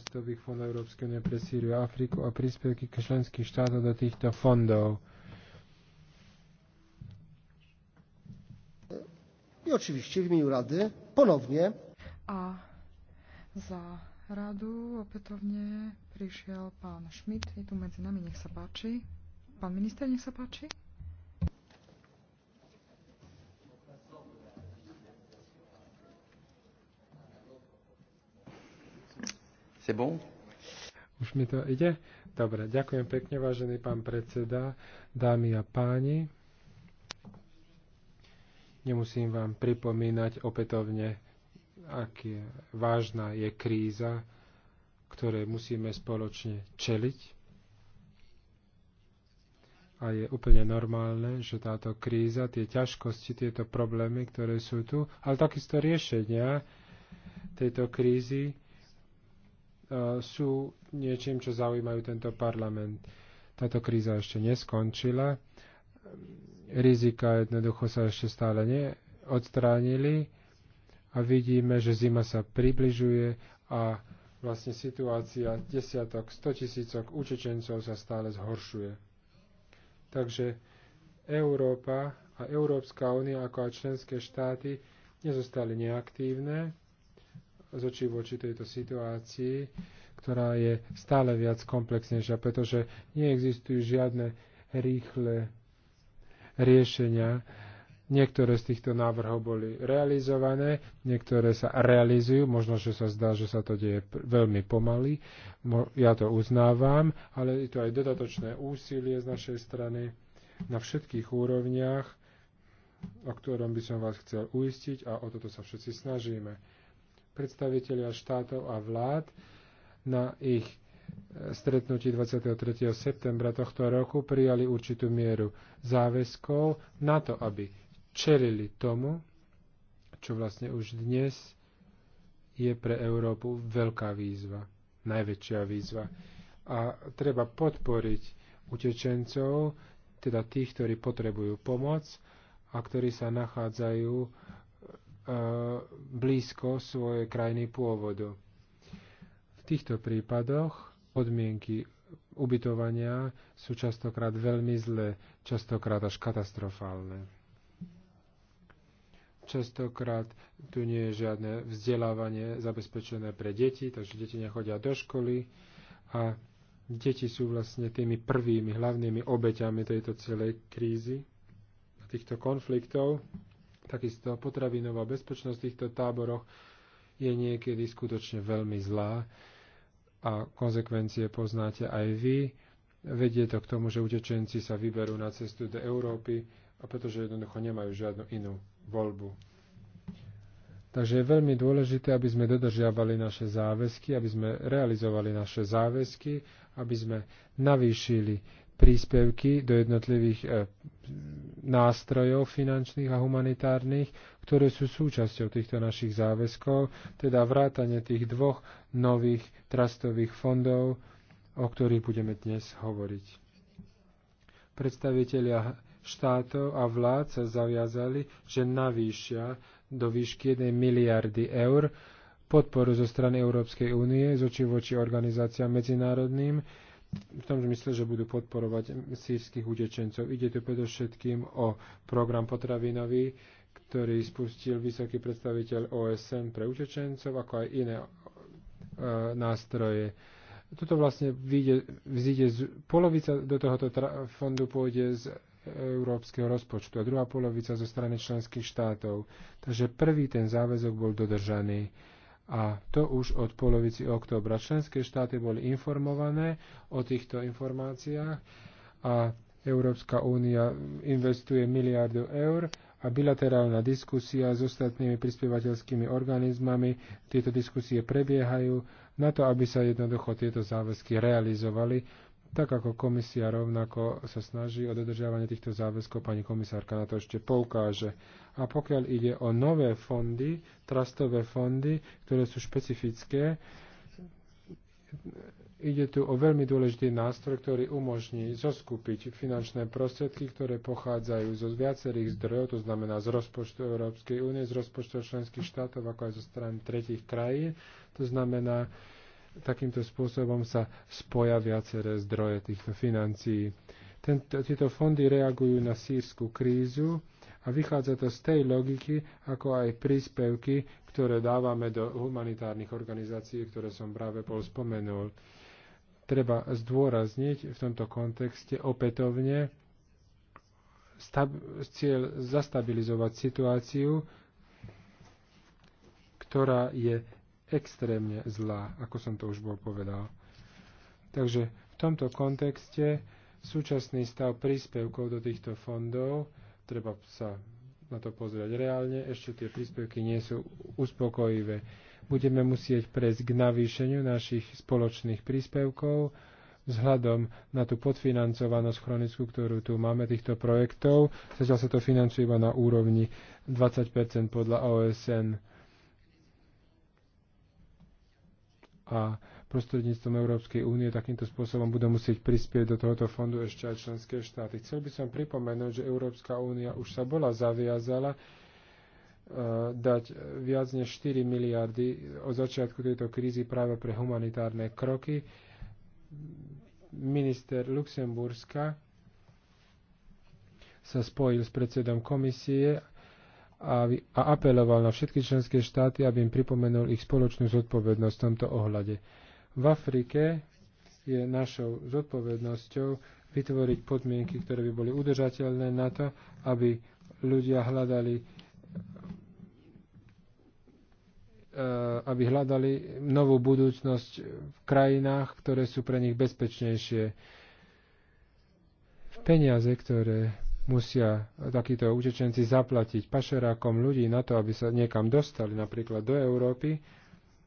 rastových fondov Európskej únie pre Sýriu a Afriku a príspevky k členských štátov do týchto fondov. I oczywiście w imieniu Rady ponownie. A za Radu opätovne prišiel pán Schmidt. Je tu medzi nami, nech sa páči. Pán minister, nech sa páči. C'est Už mi to ide? Dobre, ďakujem pekne, vážený pán predseda, dámy a páni. Nemusím vám pripomínať opätovne, aká vážna je kríza, ktoré musíme spoločne čeliť. A je úplne normálne, že táto kríza, tie ťažkosti, tieto problémy, ktoré sú tu, ale takisto riešenia tejto krízy, E, sú niečím, čo zaujímajú tento parlament. Táto kríza ešte neskončila. Rizika jednoducho sa ešte stále neodstránili a vidíme, že zima sa približuje a vlastne situácia desiatok, stotisícok učečencov sa stále zhoršuje. Takže Európa a Európska únia ako aj členské štáty nezostali neaktívne z očí oči tejto situácii, ktorá je stále viac komplexnejšia, pretože neexistujú žiadne rýchle riešenia. Niektoré z týchto návrhov boli realizované, niektoré sa realizujú, možno, že sa zdá, že sa to deje veľmi pomaly, ja to uznávam, ale je to aj dodatočné úsilie z našej strany na všetkých úrovniach, o ktorom by som vás chcel uistiť a o toto sa všetci snažíme predstaviteľia štátov a vlád na ich e, stretnutí 23. septembra tohto roku prijali určitú mieru záväzkov na to, aby čelili tomu, čo vlastne už dnes je pre Európu veľká výzva, najväčšia výzva. A treba podporiť utečencov, teda tých, ktorí potrebujú pomoc a ktorí sa nachádzajú E, blízko svojej krajiny pôvodu. V týchto prípadoch podmienky ubytovania sú častokrát veľmi zlé, častokrát až katastrofálne. Častokrát tu nie je žiadne vzdelávanie zabezpečené pre deti, takže deti nechodia do školy a deti sú vlastne tými prvými hlavnými obeťami tejto celej krízy a týchto konfliktov. Takisto potravinová bezpečnosť v týchto táboroch je niekedy skutočne veľmi zlá a konsekvencie poznáte aj vy. Vedie to k tomu, že utečenci sa vyberú na cestu do Európy, a pretože jednoducho nemajú žiadnu inú voľbu. Takže je veľmi dôležité, aby sme dodržiavali naše záväzky, aby sme realizovali naše záväzky, aby sme navýšili príspevky do jednotlivých e, nástrojov finančných a humanitárnych, ktoré sú súčasťou týchto našich záväzkov, teda vrátanie tých dvoch nových trastových fondov, o ktorých budeme dnes hovoriť. Predstavitelia štátov a vlád sa zaviazali, že navýšia do výšky 1 miliardy eur podporu zo strany Európskej únie z oči voči organizáciám medzinárodným, v tom zmysle, že budú podporovať sírskych utečencov. Ide tu predovšetkým o program potravinový, ktorý spustil vysoký predstaviteľ OSN pre utečencov, ako aj iné e, nástroje. Toto vlastne vyjde, vzíde z, polovica do tohoto fondu pôjde z európskeho rozpočtu a druhá polovica zo strany členských štátov. Takže prvý ten záväzok bol dodržaný. E, a to už od polovici októbra. Členské štáty boli informované o týchto informáciách a Európska únia investuje miliardu eur a bilaterálna diskusia s ostatnými prispievateľskými organizmami. Tieto diskusie prebiehajú na to, aby sa jednoducho tieto záväzky realizovali tak ako komisia rovnako sa snaží o dodržiavanie týchto záväzkov, pani komisárka na to ešte poukáže. A pokiaľ ide o nové fondy, trastové fondy, ktoré sú špecifické, ide tu o veľmi dôležitý nástroj, ktorý umožní zoskupiť finančné prostriedky, ktoré pochádzajú zo viacerých zdrojov, to znamená z rozpočtu Európskej únie, z rozpočtu členských štátov, ako aj zo strany tretich krajín. To znamená, takýmto spôsobom sa spoja viaceré zdroje týchto financií. Tento, tieto fondy reagujú na sírskú krízu a vychádza to z tej logiky, ako aj príspevky, ktoré dávame do humanitárnych organizácií, ktoré som práve bol spomenul. Treba zdôrazniť v tomto kontexte opätovne stab- cieľ zastabilizovať situáciu, ktorá je extrémne zlá, ako som to už bol povedal. Takže v tomto kontexte súčasný stav príspevkov do týchto fondov, treba sa na to pozrieť reálne, ešte tie príspevky nie sú uspokojivé. Budeme musieť prejsť k navýšeniu našich spoločných príspevkov vzhľadom na tú podfinancovanosť chronickú, ktorú tu máme týchto projektov. Zatiaľ sa to financuje iba na úrovni 20% podľa OSN a prostredníctvom Európskej únie takýmto spôsobom budú musieť prispieť do tohoto fondu ešte aj členské štáty. Chcel by som pripomenúť, že Európska únia už sa bola zaviazala e, dať viac než 4 miliardy od začiatku tejto krízy práve pre humanitárne kroky. Minister Luxemburska sa spojil s predsedom komisie a, a apeloval na všetky členské štáty, aby im pripomenul ich spoločnú zodpovednosť v tomto ohľade. V Afrike je našou zodpovednosťou vytvoriť podmienky, ktoré by boli udržateľné na to, aby ľudia hľadali e, aby hľadali novú budúcnosť v krajinách, ktoré sú pre nich bezpečnejšie. Peniaze, ktoré musia takíto utečenci zaplatiť pašerákom ľudí na to, aby sa niekam dostali, napríklad do Európy,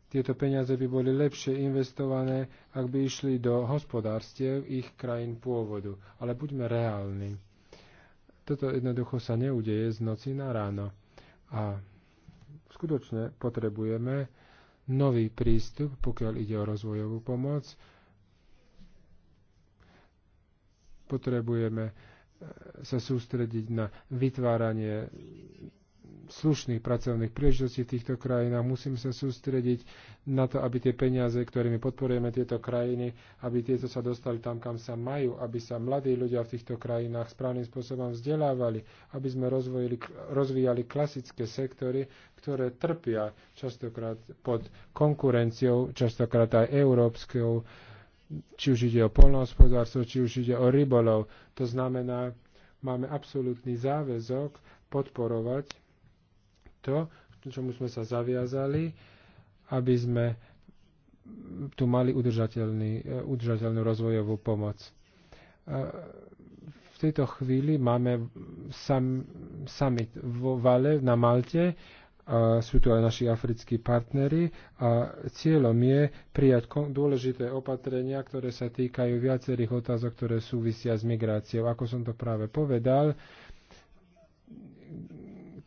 tieto peniaze by boli lepšie investované, ak by išli do hospodárstiev ich krajín pôvodu. Ale buďme reálni. Toto jednoducho sa neudeje z noci na ráno. A skutočne potrebujeme nový prístup, pokiaľ ide o rozvojovú pomoc. Potrebujeme sa sústrediť na vytváranie slušných pracovných príležitostí v týchto krajinách. Musíme sa sústrediť na to, aby tie peniaze, ktorými podporujeme tieto krajiny, aby tieto sa dostali tam, kam sa majú, aby sa mladí ľudia v týchto krajinách správnym spôsobom vzdelávali, aby sme rozvojili, rozvíjali klasické sektory, ktoré trpia častokrát pod konkurenciou, častokrát aj európskou, či už ide o polnohospodárstvo, či už ide o rybolov. To znamená, máme absolútny záväzok podporovať to, čomu sme sa zaviazali, aby sme tu mali udržateľný, e, udržateľnú rozvojovú pomoc. E, v tejto chvíli máme sam, summit v Vale na Malte a sú tu aj naši africkí partnery a cieľom je prijať dôležité opatrenia, ktoré sa týkajú viacerých otázok, ktoré súvisia s migráciou. Ako som to práve povedal,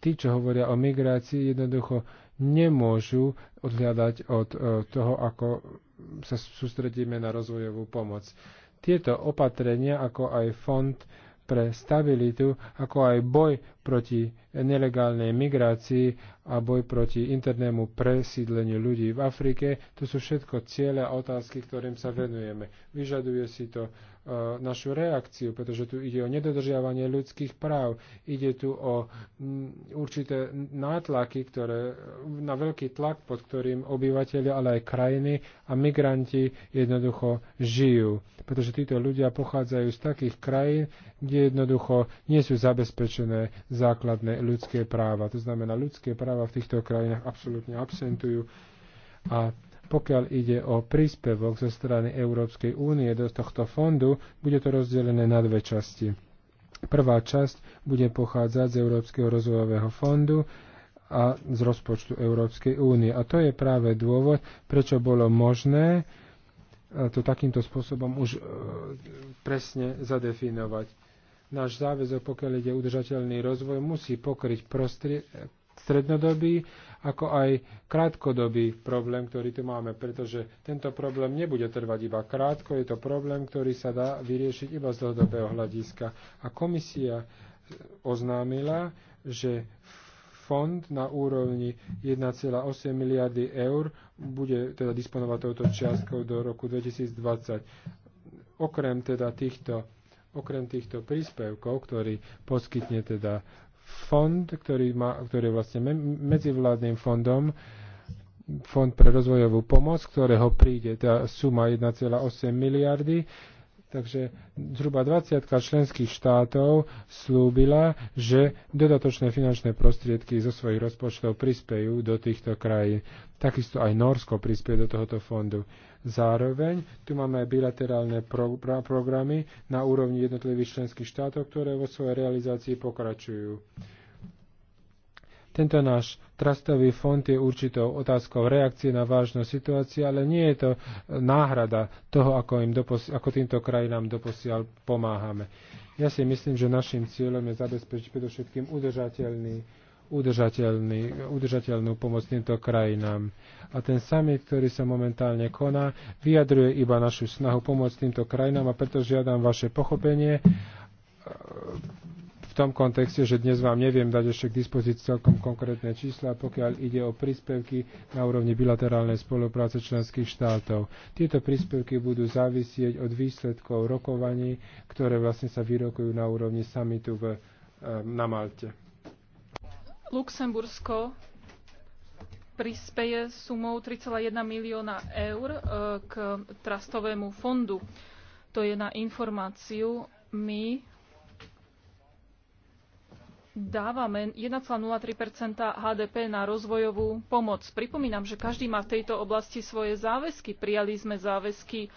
tí, čo hovoria o migrácii, jednoducho nemôžu odhľadať od e, toho, ako sa sústredíme na rozvojovú pomoc. Tieto opatrenia, ako aj fond pre stabilitu, ako aj boj proti nelegálnej migrácii a boj proti internému presídleniu ľudí v Afrike. To sú všetko ciele a otázky, ktorým sa venujeme. Vyžaduje si to e, našu reakciu, pretože tu ide o nedodržiavanie ľudských práv, ide tu o m, určité nátlaky, ktoré, na veľký tlak, pod ktorým obyvateľia, ale aj krajiny a migranti jednoducho žijú. Pretože títo ľudia pochádzajú z takých krajín, kde jednoducho nie sú zabezpečené základné ľudské práva. To znamená, ľudské práva v týchto krajinách absolútne absentujú a pokiaľ ide o príspevok zo strany Európskej únie do tohto fondu, bude to rozdelené na dve časti. Prvá časť bude pochádzať z Európskeho rozvojového fondu a z rozpočtu Európskej únie. A to je práve dôvod, prečo bolo možné e, to takýmto spôsobom už e, presne zadefinovať. Náš záväzok, pokiaľ ide udržateľný rozvoj, musí pokryť prostrie, strednodobý, ako aj krátkodobý problém, ktorý tu máme, pretože tento problém nebude trvať iba krátko, je to problém, ktorý sa dá vyriešiť iba z dlhodobého hľadiska. A komisia eh, oznámila, že fond na úrovni 1,8 miliardy eur bude teda disponovať touto čiastkou do roku 2020. Okrem teda týchto Okrem týchto príspevkov, ktorý poskytne teda fond, ktorý, má, ktorý je vlastne medzivládnym fondom, fond pre rozvojovú pomoc, ktorého príde tá suma 1,8 miliardy, Takže zhruba 20 členských štátov slúbila, že dodatočné finančné prostriedky zo svojich rozpočtov prispejú do týchto krajín. Takisto aj Norsko prispieje do tohoto fondu. Zároveň tu máme aj bilaterálne pro, pro, programy na úrovni jednotlivých členských štátov, ktoré vo svojej realizácii pokračujú. Tento náš trastový fond je určitou otázkou reakcie na vážnu situáciu, ale nie je to e, náhrada toho, ako, im dopos- ako týmto krajinám doposiaľ pomáhame. Ja si myslím, že našim cieľom je zabezpečiť predovšetkým udržateľný udržateľný, udržateľnú pomoc týmto krajinám. A ten summit, ktorý sa momentálne koná, vyjadruje iba našu snahu pomôcť týmto krajinám a preto žiadam vaše pochopenie tom kontexte, že dnes vám neviem dať ešte k dispozícii celkom konkrétne čísla, pokiaľ ide o príspevky na úrovni bilaterálnej spolupráce členských štátov. Tieto príspevky budú závisieť od výsledkov rokovaní, ktoré vlastne sa vyrokujú na úrovni samitu v, eh, na Malte. Luxembursko prispeje sumou 3,1 milióna eur eh, k trastovému fondu. To je na informáciu. My dávame 1,03 HDP na rozvojovú pomoc. Pripomínam, že každý má v tejto oblasti svoje záväzky. Prijali sme záväzky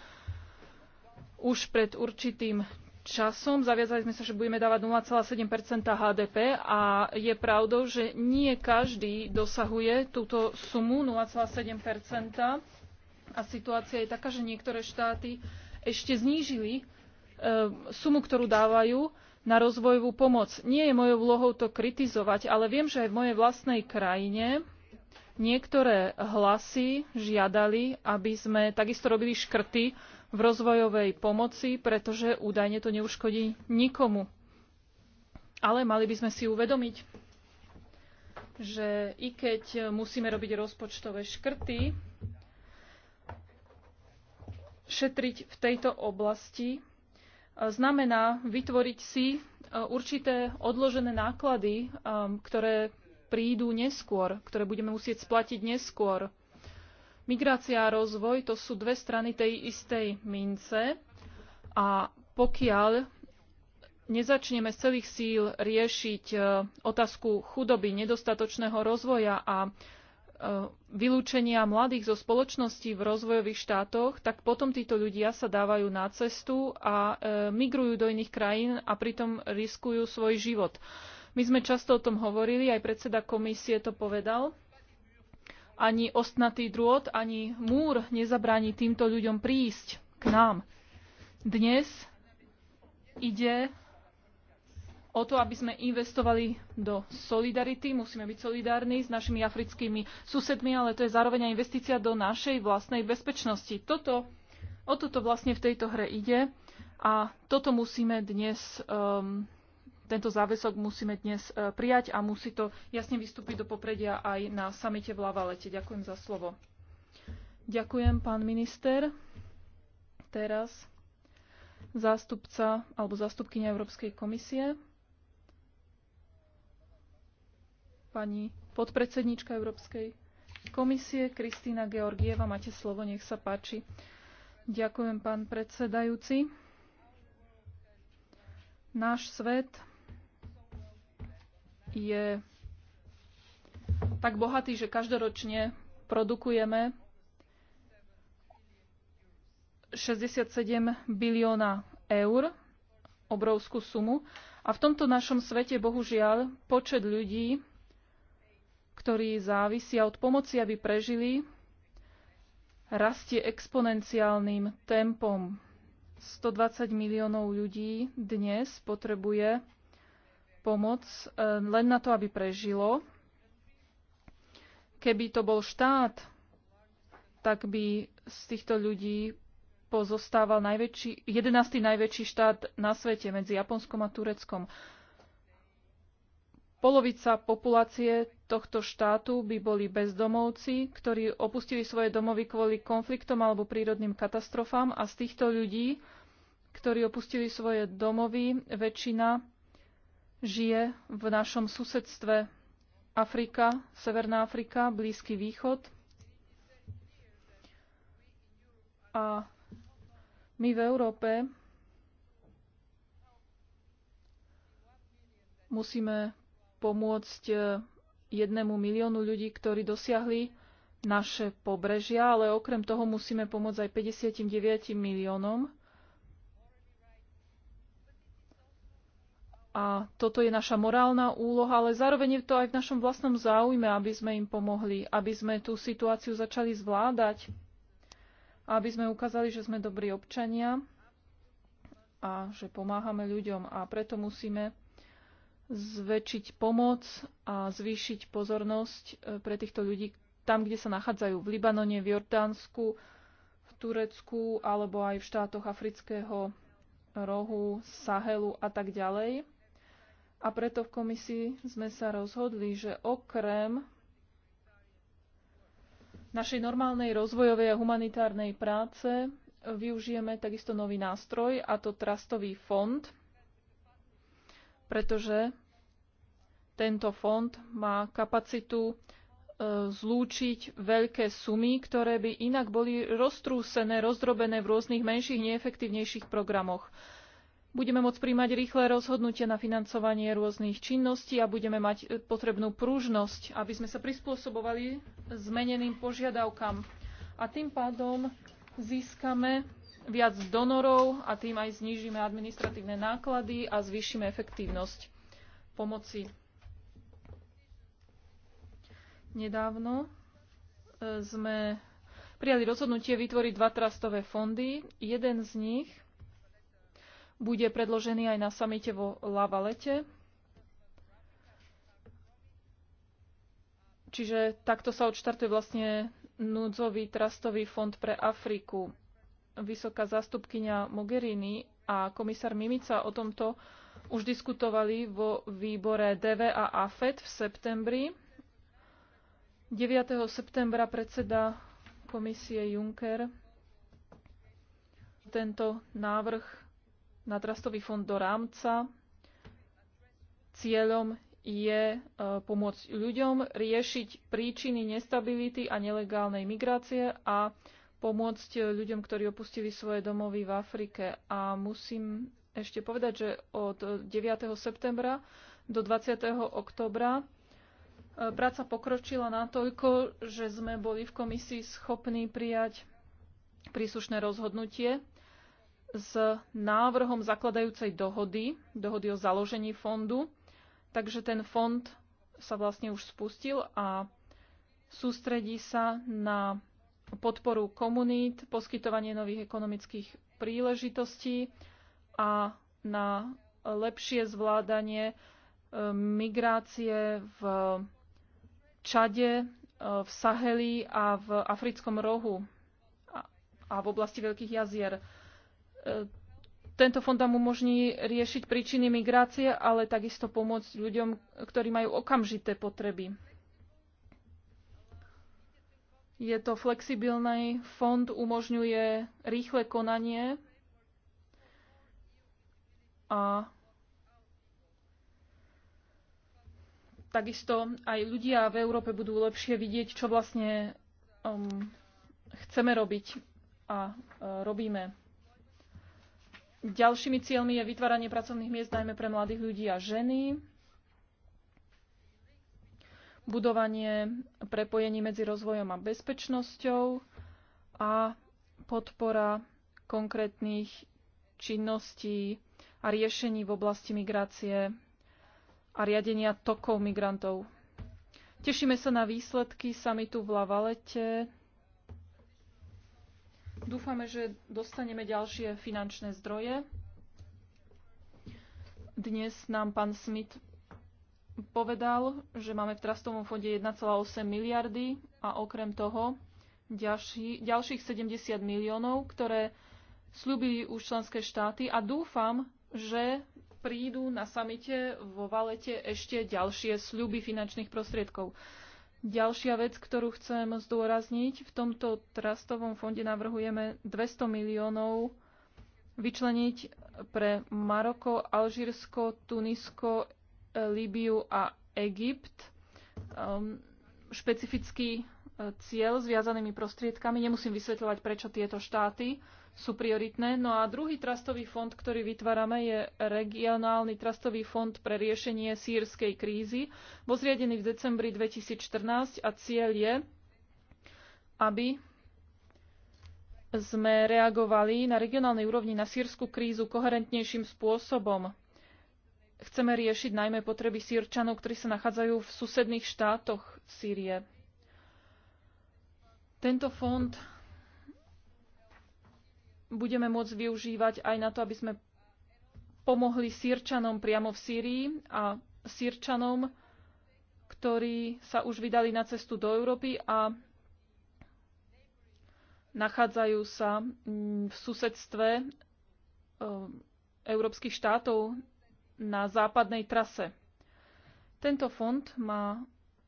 už pred určitým časom. Zaviazali sme sa, že budeme dávať 0,7 HDP a je pravdou, že nie každý dosahuje túto sumu 0,7 a situácia je taká, že niektoré štáty ešte znížili e, sumu, ktorú dávajú na rozvojovú pomoc. Nie je mojou úlohou to kritizovať, ale viem, že aj v mojej vlastnej krajine niektoré hlasy žiadali, aby sme takisto robili škrty v rozvojovej pomoci, pretože údajne to neuškodí nikomu. Ale mali by sme si uvedomiť, že i keď musíme robiť rozpočtové škrty, šetriť v tejto oblasti znamená vytvoriť si e, určité odložené náklady, e, ktoré prídu neskôr, ktoré budeme musieť splatiť neskôr. Migrácia a rozvoj to sú dve strany tej istej mince a pokiaľ nezačneme z celých síl riešiť e, otázku chudoby, nedostatočného rozvoja a E, vylúčenia mladých zo spoločnosti v rozvojových štátoch, tak potom títo ľudia sa dávajú na cestu a e, migrujú do iných krajín a pritom riskujú svoj život. My sme často o tom hovorili, aj predseda komisie to povedal. Ani ostnatý drôt, ani múr nezabráni týmto ľuďom prísť k nám. Dnes ide o to, aby sme investovali do solidarity. Musíme byť solidárni s našimi africkými susedmi, ale to je zároveň aj investícia do našej vlastnej bezpečnosti. Toto, o toto vlastne v tejto hre ide a toto musíme dnes, um, tento záväzok musíme dnes uh, prijať a musí to jasne vystúpiť do popredia aj na samite v Lavalete. Ďakujem za slovo. Ďakujem, pán minister. Teraz zástupca alebo zástupkynia Európskej komisie. pani podpredsedníčka Európskej komisie Kristína Georgieva. Máte slovo, nech sa páči. Ďakujem, pán predsedajúci. Náš svet je tak bohatý, že každoročne produkujeme 67 bilióna eur, obrovskú sumu. A v tomto našom svete, bohužiaľ, počet ľudí, ktorí závisia od pomoci, aby prežili, rastie exponenciálnym tempom. 120 miliónov ľudí dnes potrebuje pomoc e, len na to, aby prežilo. Keby to bol štát, tak by z týchto ľudí pozostával najväčší, 11. najväčší štát na svete medzi Japonskom a Tureckom. Polovica populácie tohto štátu by boli bezdomovci, ktorí opustili svoje domovy kvôli konfliktom alebo prírodným katastrofám a z týchto ľudí, ktorí opustili svoje domovy, väčšina žije v našom susedstve Afrika, Severná Afrika, Blízky východ. A my v Európe musíme pomôcť eh, jednému miliónu ľudí, ktorí dosiahli naše pobrežia, ale okrem toho musíme pomôcť aj 59 miliónom. A toto je naša morálna úloha, ale zároveň je to aj v našom vlastnom záujme, aby sme im pomohli, aby sme tú situáciu začali zvládať, aby sme ukázali, že sme dobrí občania a že pomáhame ľuďom. A preto musíme zväčšiť pomoc a zvýšiť pozornosť e, pre týchto ľudí tam, kde sa nachádzajú. V Libanone, v Jordánsku, v Turecku alebo aj v štátoch afrického rohu, Sahelu a tak ďalej. A preto v komisii sme sa rozhodli, že okrem našej normálnej rozvojovej a humanitárnej práce využijeme takisto nový nástroj, a to Trastový fond – pretože tento fond má kapacitu e, zlúčiť veľké sumy, ktoré by inak boli roztrúsené, rozdrobené v rôznych menších, neefektívnejších programoch. Budeme môcť príjmať rýchle rozhodnutie na financovanie rôznych činností a budeme mať e, potrebnú pružnosť, aby sme sa prispôsobovali zmeneným požiadavkám. A tým pádom získame viac donorov a tým aj znížime administratívne náklady a zvýšime efektívnosť pomoci. Nedávno e, sme prijali rozhodnutie vytvoriť dva trastové fondy. Jeden z nich bude predložený aj na samite vo Lavalete. Čiže takto sa odštartuje vlastne núdzový trastový fond pre Afriku vysoká zástupkyňa Mogherini a komisár Mimica o tomto už diskutovali vo výbore DV a AFED v septembri. 9. septembra predseda komisie Juncker tento návrh na trastový fond do rámca. Cieľom je e, pomôcť ľuďom riešiť príčiny nestability a nelegálnej migrácie a pomôcť eh, ľuďom, ktorí opustili svoje domovy v Afrike. A musím ešte povedať, že od 9. Eh, septembra do 20. oktobra eh, práca pokročila natoľko, že sme boli v komisii schopní prijať príslušné rozhodnutie s návrhom zakladajúcej dohody, dohody o založení fondu. Takže ten fond sa vlastne už spustil a sústredí sa na podporu komunít, poskytovanie nových ekonomických príležitostí a na lepšie zvládanie e, migrácie v Čade, e, v Saheli a v Africkom rohu a v oblasti Veľkých jazier. E, tento fond nám umožní riešiť príčiny migrácie, ale takisto pomôcť ľuďom, ktorí majú okamžité potreby. Je to flexibilný fond, umožňuje rýchle konanie a takisto aj ľudia v Európe budú lepšie vidieť, čo vlastne um, chceme robiť a uh, robíme. Ďalšími cieľmi je vytváranie pracovných miest najmä pre mladých ľudí a ženy budovanie prepojení medzi rozvojom a bezpečnosťou a podpora konkrétnych činností a riešení v oblasti migrácie a riadenia tokov migrantov. Tešíme sa na výsledky samitu v Lavalete. Dúfame, že dostaneme ďalšie finančné zdroje. Dnes nám pán Smith povedal, že máme v trastovom fonde 1,8 miliardy a okrem toho ďalší, ďalších 70 miliónov, ktoré slúbili už členské štáty a dúfam, že prídu na samite vo Valete ešte ďalšie sľuby finančných prostriedkov. Ďalšia vec, ktorú chcem zdôrazniť, v tomto trastovom fonde navrhujeme 200 miliónov vyčleniť pre Maroko, Alžírsko, Tunisko, Líbiu a Egypt. Um, špecifický e, cieľ s viazanými prostriedkami. Nemusím vysvetľovať, prečo tieto štáty sú prioritné. No a druhý trastový fond, ktorý vytvárame, je regionálny trastový fond pre riešenie sírskej krízy. Bol zriadený v decembri 2014 a cieľ je, aby sme reagovali na regionálnej úrovni na sírskú krízu koherentnejším spôsobom. Chceme riešiť najmä potreby sírčanov, ktorí sa nachádzajú v susedných štátoch Sýrie. Tento fond budeme môcť využívať aj na to, aby sme pomohli sírčanom priamo v Sýrii a sírčanom, ktorí sa už vydali na cestu do Európy a nachádzajú sa v susedstve eh, európskych štátov na západnej trase. Tento fond má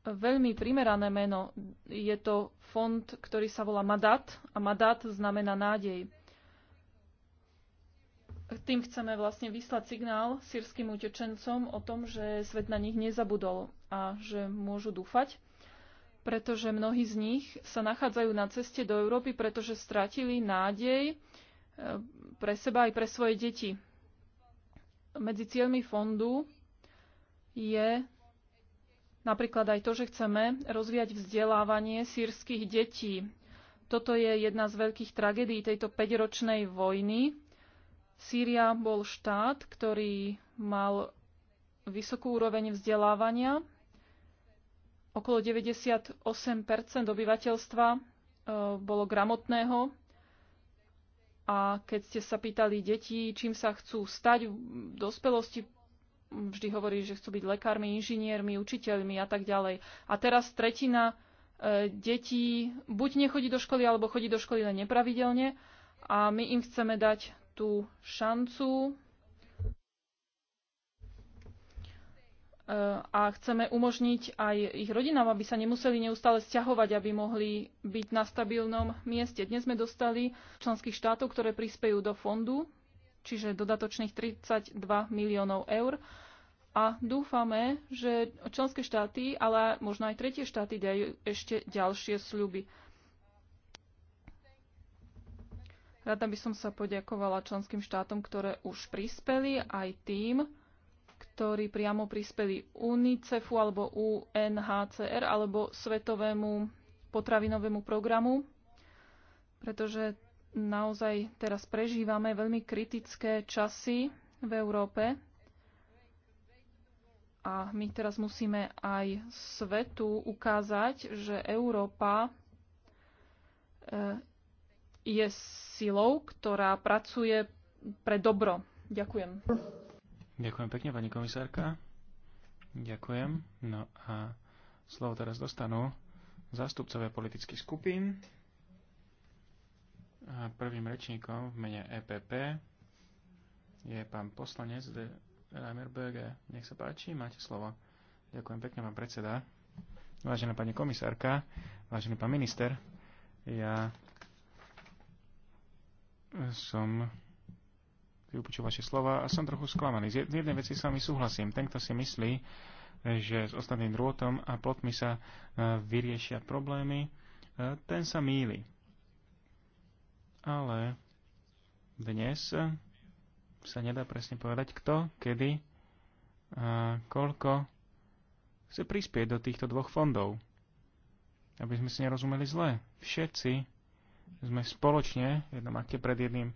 veľmi primerané meno. Je to fond, ktorý sa volá Madat a Madat znamená nádej. Tým chceme vlastne vyslať signál sírským utečencom o tom, že svet na nich nezabudol a že môžu dúfať, pretože mnohí z nich sa nachádzajú na ceste do Európy, pretože stratili nádej eh, pre seba aj pre svoje deti medzi cieľmi fondu je napríklad aj to, že chceme rozvíjať vzdelávanie sírskych detí. Toto je jedna z veľkých tragédií tejto 5-ročnej vojny. Sýria bol štát, ktorý mal vysokú úroveň vzdelávania. Okolo 98 obyvateľstva e, bolo gramotného a keď ste sa pýtali detí, čím sa chcú stať v dospelosti, vždy hovorí, že chcú byť lekármi, inžiniermi, učiteľmi a tak ďalej. A teraz tretina e, detí buď nechodí do školy, alebo chodí do školy len nepravidelne. A my im chceme dať tú šancu a chceme umožniť aj ich rodinám, aby sa nemuseli neustále stiahovať, aby mohli byť na stabilnom mieste. Dnes sme dostali členských štátov, ktoré prispejú do fondu, čiže dodatočných 32 miliónov eur. A dúfame, že členské štáty, ale možno aj tretie štáty dajú ešte ďalšie sľuby. Rada by som sa poďakovala členským štátom, ktoré už prispeli, aj tým, ktorí priamo prispeli UNICEFu alebo UNHCR alebo Svetovému potravinovému programu, pretože naozaj teraz prežívame veľmi kritické časy v Európe a my teraz musíme aj svetu ukázať, že Európa e, je silou, ktorá pracuje pre dobro. Ďakujem. Ďakujem pekne, pani komisárka. Ďakujem. No a slovo teraz dostanú zástupcovia politických skupín. A prvým rečníkom v mene EPP je pán poslanec de Reimerberger. Nech sa páči, máte slovo. Ďakujem pekne, pán predseda. Vážená pani komisárka, vážený pán minister, ja som vypočul vaše slova a som trochu sklamaný. Z jednej veci s vami súhlasím. Ten, kto si myslí, že s ostatným drôtom a plotmi sa e, vyriešia problémy, e, ten sa míli. Ale dnes e, sa nedá presne povedať, kto, kedy a koľko chce prispieť do týchto dvoch fondov. Aby sme si nerozumeli zle. Všetci sme spoločne v jednom akte pred jedným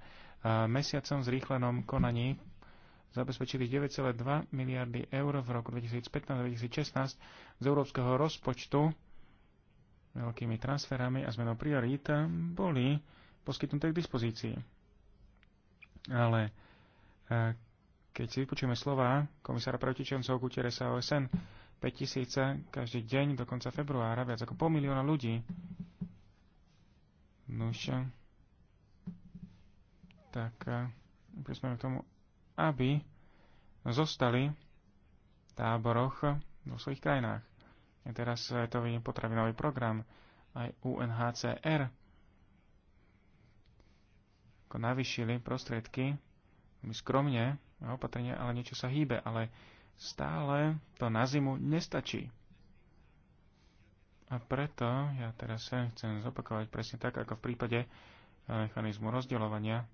mesiacom zrýchlenom konaní zabezpečili 9,2 miliardy eur v roku 2015-2016 z európskeho rozpočtu veľkými transferami a zmenou priorít boli poskytnuté k dispozícii. Ale e, keď si vypočujeme slova komisára pre Kuteresa OSN, 5000 každý deň do konca februára, viac ako pol milióna ľudí. no tak eh, prispieme k tomu, aby zostali v táboroch vo svojich krajinách. A teraz je to vidím potravinový program, aj UNHCR ako navýšili prostriedky skromne a opatrne, ale niečo sa hýbe, ale stále to na zimu nestačí. A preto ja teraz chcem zopakovať presne tak, ako v prípade mechanizmu rozdeľovania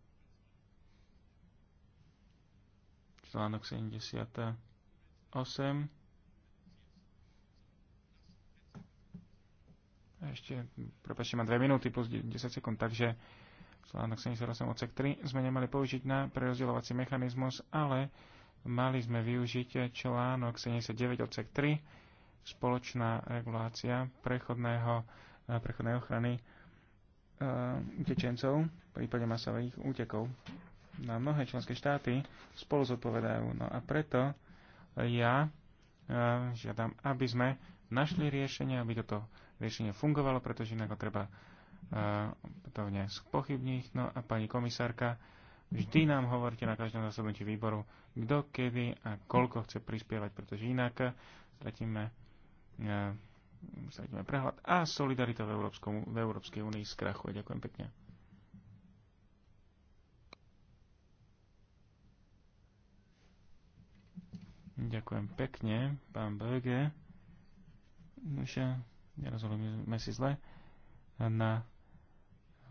článok 78. Ešte, prepačte, má 2 minúty plus 10 sekúnd, takže článok 78 odsek 3 sme nemali použiť na prerozdeľovací mechanizmus, ale mali sme využiť článok 79 odsek 3 spoločná regulácia prechodného, eh, prechodnej ochrany utečencov eh, v prípade masových útekov na no, mnohé členské štáty spolu zodpovedajú. No a preto ja e, žiadam, aby sme našli riešenie, aby toto riešenie fungovalo, pretože inak ho treba e, opätovne spochybniť. No a pani komisárka, vždy nám hovorte na každom zasadnutí výboru, kto, kedy a koľko chce prispievať, pretože inak stratíme, e, prehľad a solidarita v, Európskom, v Európskej únii skrachuje. Ďakujem pekne. Ďakujem pekne, pán Böge. Už nerozumieme si zle. Na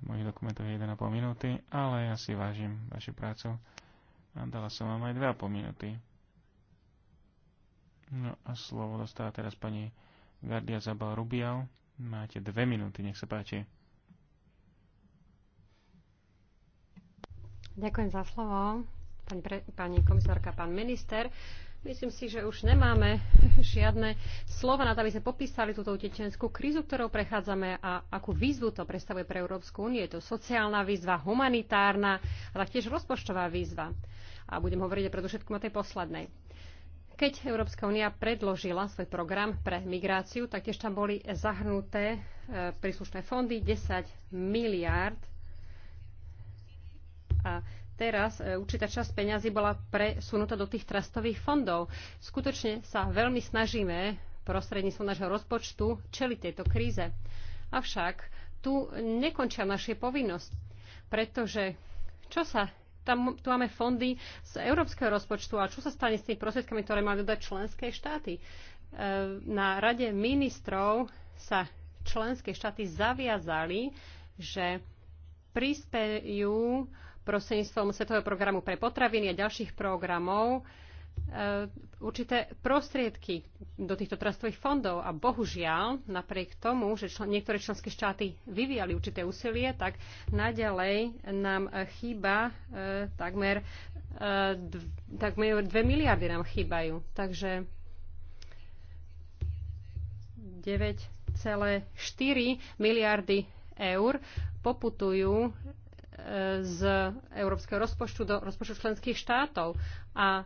mojich dokumentoch je 1,5 minúty, ale ja si vážim vašu prácu. A dala som vám aj 2,5 minúty. No a slovo dostáva teraz pani Gardia Zabal Rubial. Máte 2 minúty, nech sa páči. Ďakujem za slovo, pani, pre, pani komisárka, pán minister. Myslím si, že už nemáme žiadne slova na to, aby sme popísali túto utečenskú krízu, ktorou prechádzame a akú výzvu to predstavuje pre Európsku úniu. Je to sociálna výzva, humanitárna a taktiež rozpočtová výzva. A budem hovoriť predovšetkým o tej poslednej. Keď Európska únia predložila svoj program pre migráciu, tak tiež tam boli zahrnuté e, príslušné fondy 10 miliárd a teraz e, určitá časť peňazí bola presunutá do tých trastových fondov. Skutočne sa veľmi snažíme prostredníctvom nášho rozpočtu čeliť tejto kríze. Avšak tu nekončia naše povinnosť. pretože čo sa tam, tu máme fondy z európskeho rozpočtu a čo sa stane s tými prostriedkami, ktoré mali dodať členské štáty? E, na rade ministrov sa členské štáty zaviazali, že prispejú prostredníctvom Svetového programu pre potraviny a ďalších programov e, určité prostriedky do týchto trastových fondov a bohužiaľ, napriek tomu, že čl- niektoré členské štáty vyvíjali určité úsilie, tak naďalej nám chýba e, takmer, e, dv- takmer 2 miliardy nám chýbajú. Takže 9,4 miliardy eur poputujú z európskeho rozpočtu do rozpočtu členských štátov. A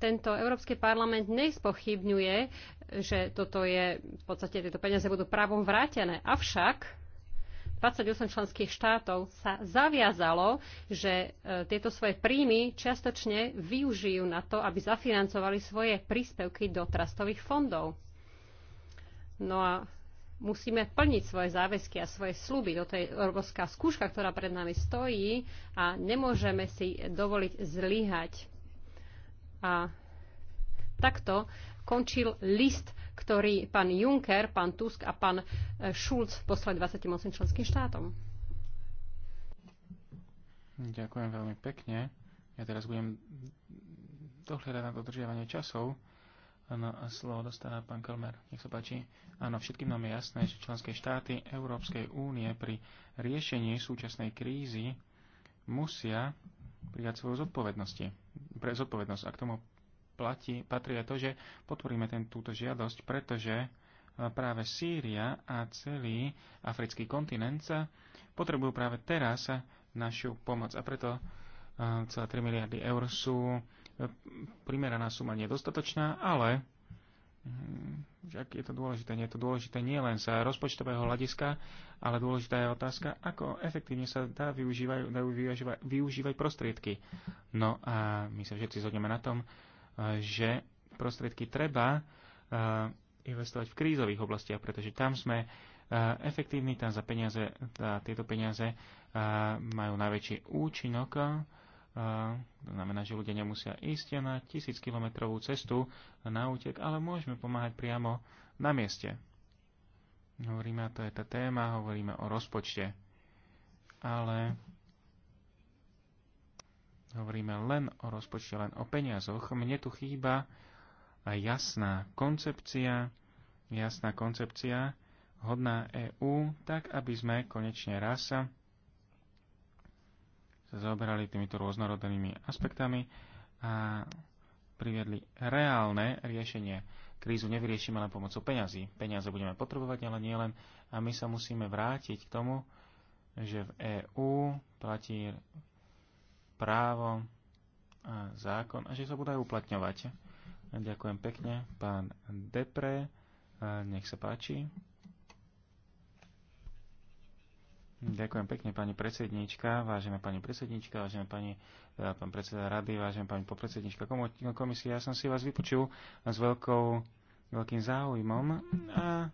tento Európsky parlament nespochybňuje, že toto je, v podstate tieto peniaze budú právom vrátené. Avšak 28 členských štátov sa zaviazalo, že e, tieto svoje príjmy čiastočne využijú na to, aby zafinancovali svoje príspevky do trastových fondov. No a musíme plniť svoje záväzky a svoje sluby. Toto je európska skúška, ktorá pred nami stojí a nemôžeme si dovoliť zlyhať. A takto končil list, ktorý pán Juncker, pán Tusk a pán e, Schulz poslali 28 členským štátom. Ďakujem veľmi pekne. Ja teraz budem dohľadať na dodržiavanie časov. Áno, a slovo dostáva pán Kelmer, Nech sa páči. Áno, všetkým nám je jasné, že členské štáty Európskej únie pri riešení súčasnej krízy musia prijať svoju zodpovednosti. Pre zodpovednosť. A k tomu platí, patrí aj to, že potvoríme ten, túto žiadosť, pretože e, práve Sýria a celý africký kontinent sa potrebujú práve teraz našu pomoc. A preto 3 e, miliardy eur sú primeraná suma nedostatočná, ale však hm, je to dôležité, nie je to dôležité nie len sa rozpočtového hľadiska, ale dôležitá je otázka, ako efektívne sa dá využívať, dajú využívať, využívať prostriedky. No a my sa všetci zhodneme na tom, že prostriedky treba eh, investovať v krízových oblastiach, pretože tam sme eh, efektívni, tam za peniaze, tá, tieto peniaze eh, majú najväčší účinok to znamená, že ľudia nemusia ísť na tisíc kilometrovú cestu na útek, ale môžeme pomáhať priamo na mieste. Hovoríme, to je tá téma, hovoríme o rozpočte. Ale hovoríme len o rozpočte, len o peniazoch. Mne tu chýba jasná koncepcia, jasná koncepcia hodná EÚ, tak aby sme konečne raz sa zaoberali týmito rôznorodnými aspektami a priviedli reálne riešenie. Krízu nevyriešime len pomocou peňazí. Peniaze budeme potrebovať, ale nie len. A my sa musíme vrátiť k tomu, že v EÚ platí právo a zákon a že sa budú uplatňovať. Ďakujem pekne, pán Depre. Nech sa páči. Ďakujem pekne, pani predsednička, vážená pani predsedníčka, vážená pani, e, pán predseda rady, vážená pani popredsedníčka komisie. Ja som si vás vypočul s veľkou, veľkým záujmom a,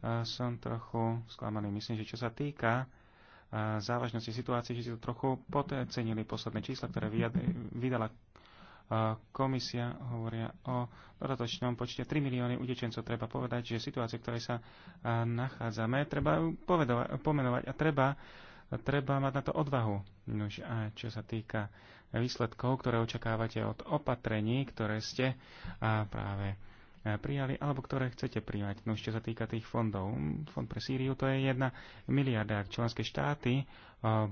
a som trochu sklamaný. Myslím, že čo sa týka e, závažnosti situácie, že si to trochu podcenili posledné čísla, ktoré vydala komisia hovoria o dodatočnom počte 3 milióny utečencov. Treba povedať, že situácia, v ktorej sa nachádzame, treba ju pomenovať a treba, treba mať na to odvahu. Nož a čo sa týka výsledkov, ktoré očakávate od opatrení, ktoré ste práve prijali alebo ktoré chcete prijať. No čo sa týka tých fondov, fond pre Sýriu to je jedna miliarda. Ak členské štáty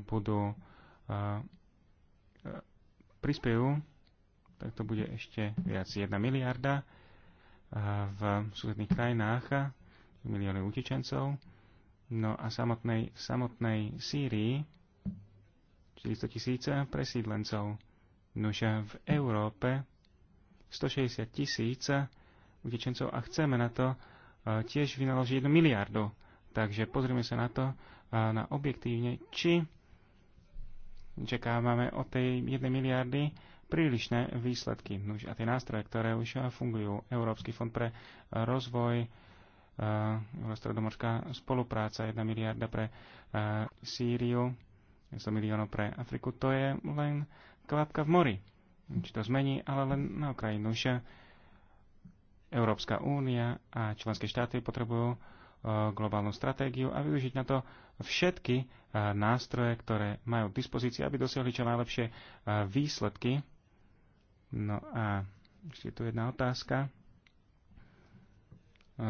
budú prispiejú tak to bude ešte viac 1 miliarda v susedných krajinách, milióny utečencov. No a samotnej, samotnej Sýrii 400 tisíce presídlencov. Nože v Európe 160 tisíc utečencov a chceme na to tiež vynaložiť 1 miliardu. Takže pozrieme sa na to na objektívne, či čakávame od tej 1 miliardy prílišné výsledky. Nuž a tie nástroje, ktoré už fungujú, Európsky fond pre rozvoj, e, uh, stredomorská spolupráca, 1 miliarda pre uh, Sýriu, 100 miliónov pre Afriku, to je len kvapka v mori. Či to zmení, ale len na okraji. Nuž e, Európska únia a členské štáty potrebujú globálnu stratégiu a využiť na to všetky nástroje, ktoré majú k dispozícii, aby dosiahli čo najlepšie výsledky No a ešte je tu jedna otázka. E,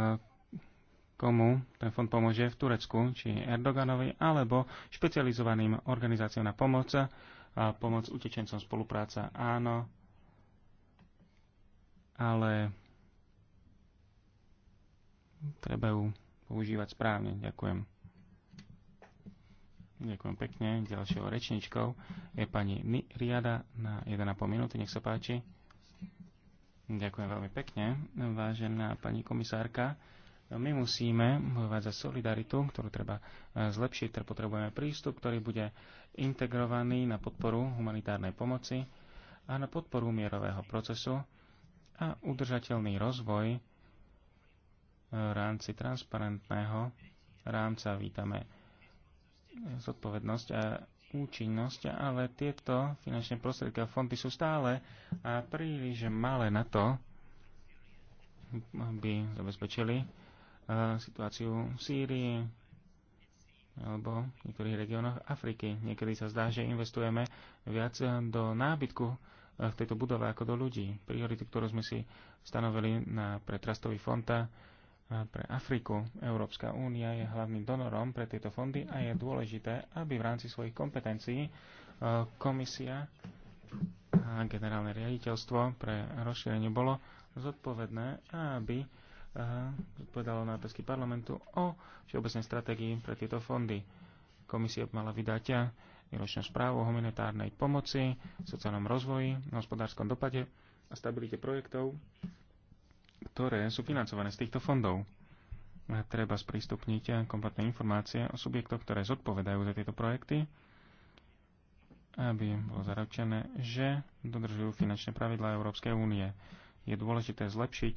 komu ten fond pomôže v Turecku, či Erdoganovi, alebo špecializovaným organizáciám na pomoc, a pomoc utečencom spolupráca, áno, ale treba ju používať správne. Ďakujem. Ďakujem pekne. Ďalšou rečničkou je pani Riada na 1,5 minúty. Nech sa páči. Ďakujem veľmi pekne, vážená pani komisárka. My musíme bojovať za solidaritu, ktorú treba eh, zlepšiť. Teda potrebujeme prístup, ktorý bude integrovaný na podporu humanitárnej pomoci a na podporu mierového procesu a udržateľný rozvoj eh, v rámci transparentného rámca vítame zodpovednosť a účinnosť, ale tieto finančné prostriedky a fondy sú stále a príliš malé na to, aby zabezpečili e, situáciu v Sýrii alebo v niektorých regiónoch Afriky. Niekedy sa zdá, že investujeme viac do nábytku e, v tejto budove ako do ľudí. Priority, ktorú sme si stanovili na pretrastový fonta, pre Afriku. Európska únia je hlavným donorom pre tieto fondy a je dôležité, aby v rámci svojich kompetencií e, komisia a generálne riaditeľstvo pre rozšírenie bolo zodpovedné, aby e, zodpovedalo na pesky parlamentu o všeobecnej stratégii pre tieto fondy. Komisia mala vydať výročnú správu o humanitárnej pomoci, sociálnom rozvoji, hospodárskom dopade a stabilite projektov ktoré sú financované z týchto fondov. Treba sprístupniť kompletné informácie o subjektoch, ktoré zodpovedajú za tieto projekty, aby bolo zaručené, že dodržujú finančné pravidlá Európskej únie. Je dôležité zlepšiť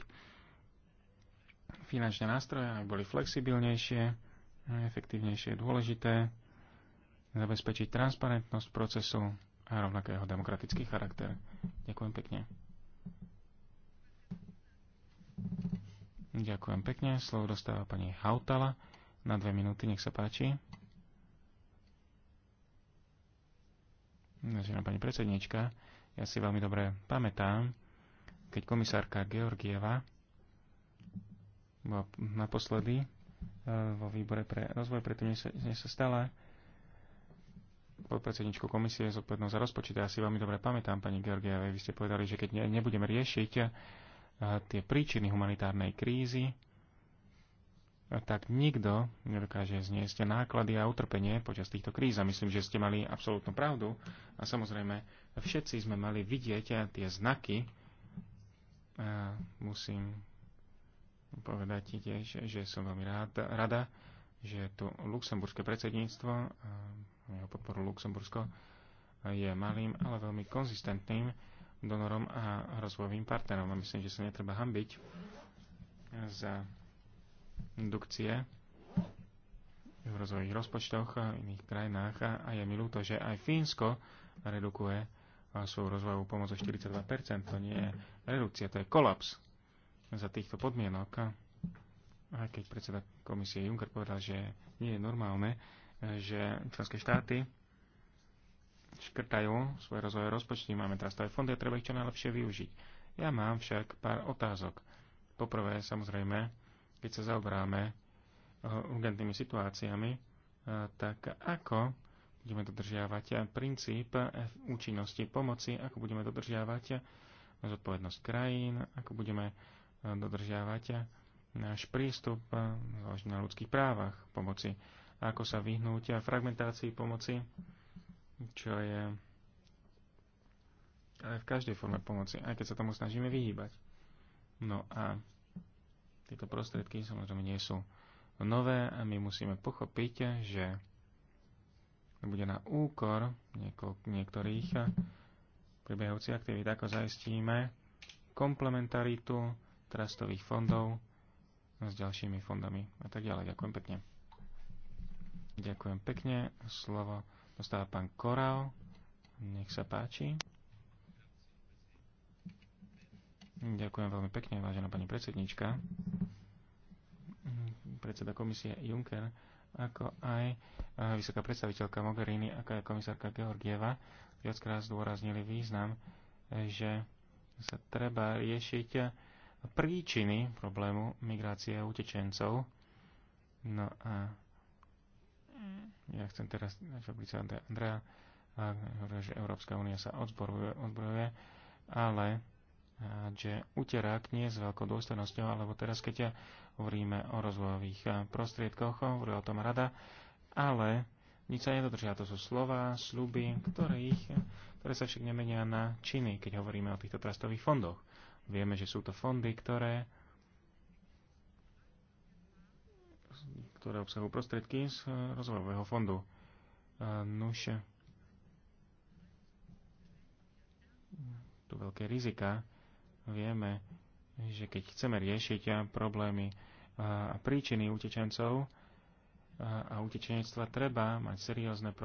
finančné nástroje, aby boli flexibilnejšie, efektívnejšie je dôležité zabezpečiť transparentnosť procesu a rovnakého demokratický charakter. Ďakujem pekne. Ďakujem pekne. Slovo dostáva pani Hautala na dve minúty. Nech sa páči. Vážená pani predsednička, ja si veľmi dobre pamätám, keď komisárka Georgieva bola naposledy e, vo výbore pre rozvoj, predtým než sa, než sa stala podpredsedničku komisie zodpovednou za rozpočet. Ja si veľmi dobre pamätám, pani Georgieva, vy ste povedali, že keď nebudeme riešiť tie príčiny humanitárnej krízy, tak nikto nedokáže zniesť náklady a utrpenie počas týchto kríz. A myslím, že ste mali absolútnu pravdu. A samozrejme, všetci sme mali vidieť tie znaky. A musím povedať tiež, že som veľmi rád, rada, že tu luxemburské predsedníctvo, jeho podporu Luxembursko, je malým, ale veľmi konzistentným donorom a rozvojovým partnerom. A myslím, že sa netreba hambiť za indukcie v rozvojových rozpočtoch a iných krajinách. A je mi ľúto, že aj Fínsko redukuje svoju rozvojovú pomoc o 42%. To nie je redukcia, to je kolaps za týchto podmienok. Aj keď predseda komisie Juncker povedal, že nie je normálne, že členské štáty škrtajú svoje rozvoje rozpočty, máme teraz aj fondy a treba ich čo najlepšie využiť. Ja mám však pár otázok. Poprvé, samozrejme, keď sa zaoberáme eh, urgentnými situáciami, eh, tak ako budeme dodržiavať princíp účinnosti pomoci, ako budeme dodržiavať zodpovednosť krajín, ako budeme eh, dodržiavať náš prístup založený na ľudských právach pomoci, ako sa vyhnúť fragmentácii pomoci, čo je ale v každej forme pomoci, aj keď sa tomu snažíme vyhýbať. No a tieto prostriedky samozrejme nie sú nové a my musíme pochopiť, že bude na úkor niektorých prebiehajúcich aktivít, ako zaistíme komplementaritu trastových fondov s ďalšími fondami a tak ďalej. Ďakujem pekne. Ďakujem pekne. Slovo dostáva pán Korál. Nech sa páči. Ďakujem veľmi pekne, vážená pani predsednička, predseda komisie Juncker, ako aj eh, vysoká predstaviteľka Mogherini, ako aj komisárka Georgieva, viackrát zdôraznili význam, eh, že sa treba riešiť eh, príčiny problému migrácie utečencov. No a ja chcem teraz Fabrice Andrea hovorí, že Európska únia sa odzbrojuje, odzbrojuje ale že uterák nie s veľkou dôstojnosťou, alebo teraz keď ja hovoríme o rozvojových prostriedkoch, hovorí o tom rada, ale nič sa nedodržia. To sú slova, sľuby, ktorých, ktoré sa však nemenia na činy, keď hovoríme o týchto trastových fondoch. Vieme, že sú to fondy, ktoré ktoré obsahujú prostriedky z eh, rozvojového fondu. Eh, Nuše. Eh, tu veľké rizika. Vieme, že keď chceme riešiť problémy a príčiny utečencov a utečenectva, treba mať seriózne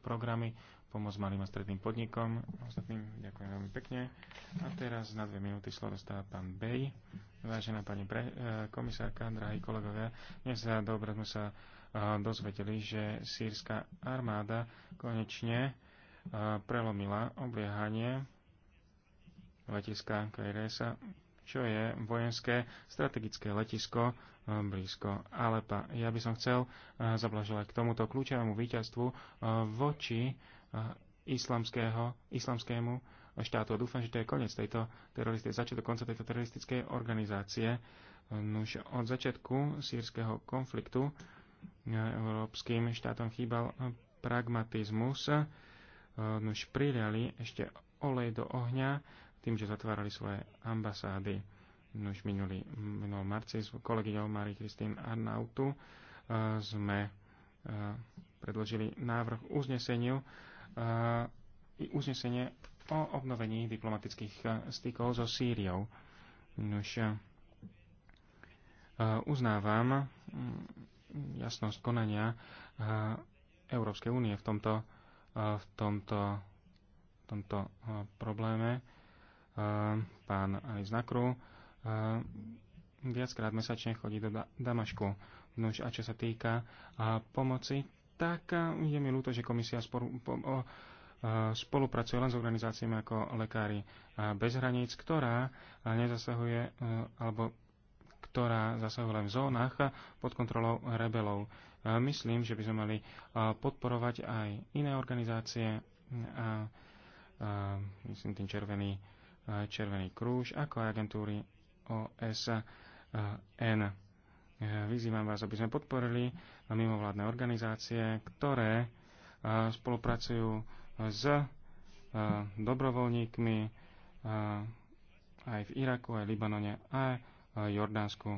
programy pomoc malým a stredným podnikom. Ostatným ďakujem veľmi pekne. A teraz na dve minúty slovo dostáva pán Bej. Vážená pani pre, eh, komisárka, drahí kolegovia, dnes za dobre sme sa eh, dozvedeli, že sírska armáda konečne eh, prelomila obliehanie letiska Kajresa, čo je vojenské strategické letisko blízko Alepa. Ja by som chcel zablažovať k tomuto kľúčovému víťazstvu voči islamského, islamskému štátu. A dúfam, že to je koniec tejto teroristickej, začiatok konca tejto teroristickej organizácie. Nuž od začiatku sírskeho konfliktu e, európskym štátom chýbal pragmatizmus. E, nuž pridali ešte olej do ohňa tým, že zatvárali svoje ambasády. Nuž minulý, minulý marci s kolegyňou Marie Kristín Arnautu e, sme predložili návrh uzneseniu E, uznesenie o obnovení diplomatických e, stykov so Sýriou. Nož e, uznávam mm, jasnosť konania Európskej únie v tomto, v tomto, v tomto probléme. Pán Ali Znakru viackrát mesačne chodí do Damašku. Nož a čo sa týka pomoci, tak eh, je mi ľúto, že komisia sporu, po, o, eh, spolupracuje len s organizáciami ako Lekári eh, bez hraníc, ktorá nezasahuje alebo ktorá zasahuje len v zónach pod kontrolou rebelov. Myslím, že by sme mali podporovať aj iné organizácie, hm, a, a, myslím tým červený, červený krúž, ako agentúry OSN. E, vyzývam vás, aby sme podporili mimovládne organizácie, ktoré e, spolupracujú s e, dobrovoľníkmi aj v Iraku, aj v Libanone, aj v Jordánsku.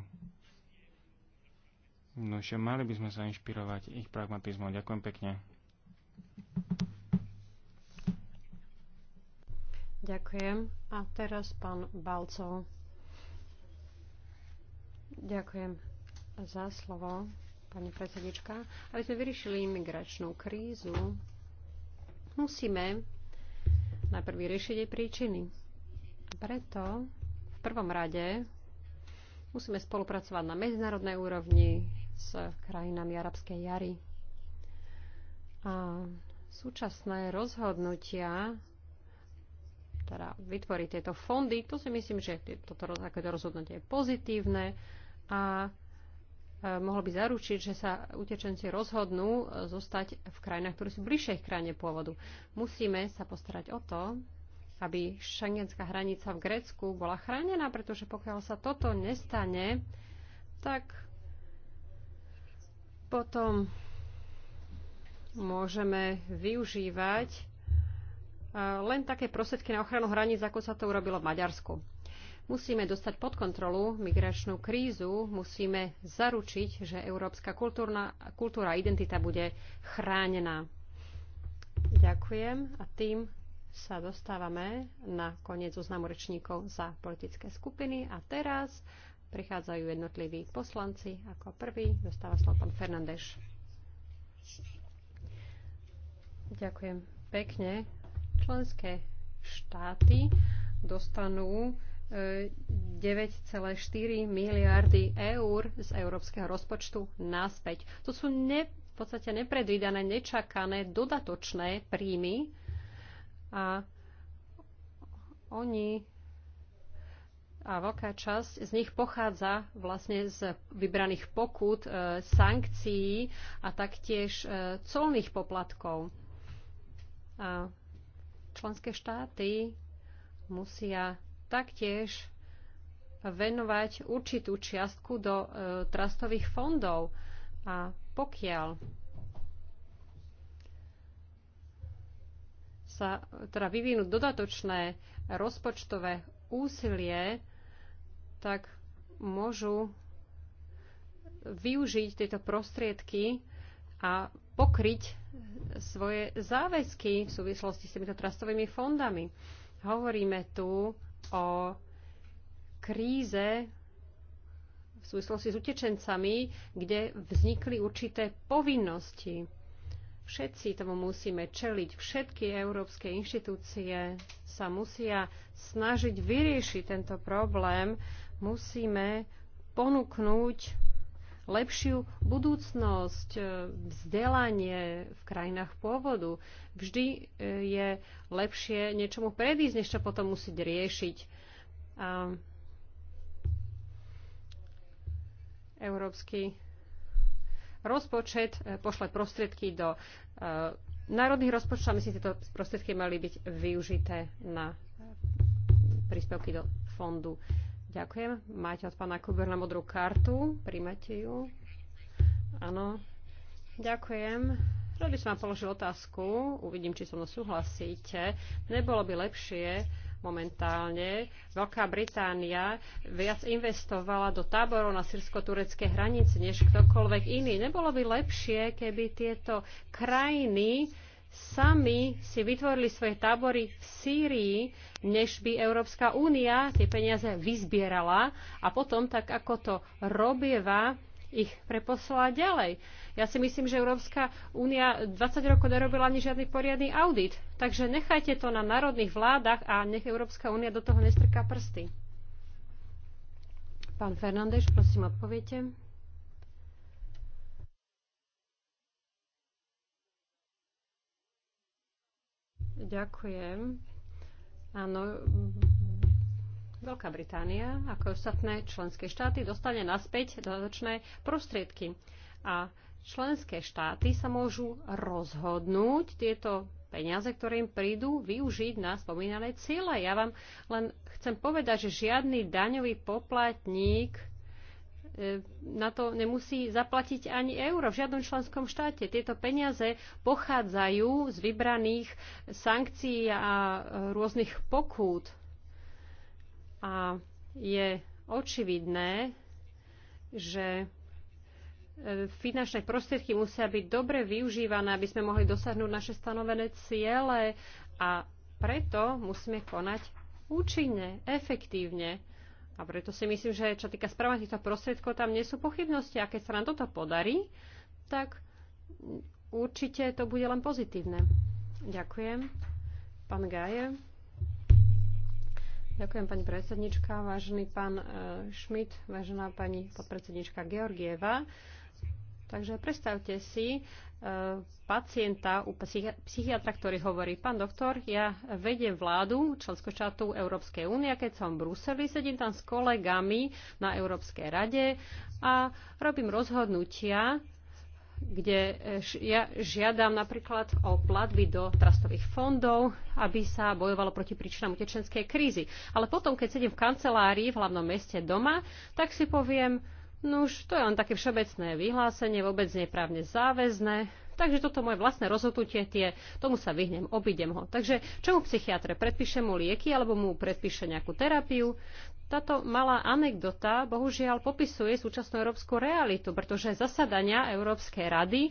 No, že mali by sme sa inšpirovať ich pragmatizmom. Ďakujem pekne. Ďakujem. A teraz pán Balcov. Ďakujem za slovo, pani predsednička. Aby sme vyriešili imigračnú krízu, musíme najprv vyriešiť jej príčiny. Preto v prvom rade musíme spolupracovať na medzinárodnej úrovni s krajinami arabskej jary. A súčasné rozhodnutia teda vytvoriť tieto fondy. To si myslím, že toto, takéto rozhodnutie je pozitívne a mohol by zaručiť, že sa utečenci rozhodnú e, zostať v krajinách, ktoré sú bližšie k krajine pôvodu. Musíme sa postarať o to, aby šengenská hranica v Grécku bola chránená, pretože pokiaľ sa toto nestane, tak potom môžeme využívať e, len také prostriedky na ochranu hraníc, ako sa to urobilo v Maďarsku. Musíme dostať pod kontrolu migračnú krízu, musíme zaručiť, že európska kultúrna, kultúra a identita bude chránená. Ďakujem a tým sa dostávame na koniec zoznamu rečníkov za politické skupiny a teraz prichádzajú jednotliví poslanci. Ako prvý dostáva slovo pán Fernandeš. Ďakujem pekne. Členské štáty dostanú 9,4 miliardy eur z európskeho rozpočtu naspäť. To sú ne, v podstate nepredvídané, nečakané dodatočné príjmy a oni a veľká časť z nich pochádza vlastne z vybraných pokut, e, sankcií a taktiež e, colných poplatkov. A členské štáty musia taktiež venovať určitú čiastku do e, trastových fondov. A pokiaľ sa teda vyvinú dodatočné rozpočtové úsilie, tak môžu využiť tieto prostriedky a pokryť svoje záväzky v súvislosti s týmito trastovými fondami. Hovoríme tu o kríze v súvislosti s utečencami, kde vznikli určité povinnosti. Všetci tomu musíme čeliť. Všetky európske inštitúcie sa musia snažiť vyriešiť tento problém. Musíme ponúknuť lepšiu budúcnosť, e, vzdelanie v krajinách pôvodu. Vždy e, je lepšie niečomu predísť, než čo potom musieť riešiť. A Európsky rozpočet e, pošle prostriedky do národných rozpočtov a myslím, že tieto prostriedky mali byť využité na príspevky do fondu Ďakujem. Máte od pána Kuberna modrú kartu. Príjmete ju. Áno. Ďakujem. Rád by som vám položil otázku. Uvidím, či so mnou súhlasíte. Nebolo by lepšie momentálne. Veľká Británia viac investovala do táborov na sírsko-tureckej hranici než ktokoľvek iný. Nebolo by lepšie, keby tieto krajiny sami si vytvorili svoje tábory v Sýrii, než by Európska únia tie peniaze vyzbierala a potom, tak ako to robieva, ich preposlala ďalej. Ja si myslím, že Európska únia 20 rokov nerobila ani žiadny poriadny audit. Takže nechajte to na národných vládach a nech Európska únia do toho nestrká prsty. Pán Fernández, prosím, odpoviete. Ďakujem. Áno, Veľká Británia, ako ostatné členské štáty, dostane naspäť dodatočné prostriedky. A členské štáty sa môžu rozhodnúť tieto peniaze, ktoré im prídu, využiť na spomínané cieľe. Ja vám len chcem povedať, že žiadny daňový poplatník E, na to nemusí zaplatiť ani euro v žiadnom členskom štáte. Tieto peniaze pochádzajú z vybraných sankcií a rôznych pokút. A je očividné, že e, finančné prostriedky musia byť dobre využívané, aby sme mohli dosiahnuť naše stanovené ciele a preto musíme konať účinne, efektívne. A preto si myslím, že čo týka správania týchto prostriedkov, tam nie sú pochybnosti. A keď sa nám toto podarí, tak určite to bude len pozitívne. Ďakujem. Pán Gaje. Ďakujem, pani predsednička, vážený pán Šmit, eh, vážená pani podpredsednička Georgieva. Takže predstavte si e, pacienta u psychiatra, ktorý hovorí, pán doktor, ja vedem vládu členského štátu Európskej únie, keď som v Bruseli, sedím tam s kolegami na Európskej rade a robím rozhodnutia, kde e, ja žiadam napríklad o platby do trastových fondov, aby sa bojovalo proti príčinám utečenskej krízy. Ale potom, keď sedím v kancelárii v hlavnom meste doma, tak si poviem, No už to je len také všeobecné vyhlásenie, vôbec neprávne záväzné. Takže toto moje vlastné rozhodnutie, tie, tomu sa vyhnem, obidem ho. Takže čo mu psychiatre? Predpíše mu lieky alebo mu predpíše nejakú terapiu? Táto malá anekdota bohužiaľ popisuje súčasnú európsku realitu, pretože zasadania Európskej rady e,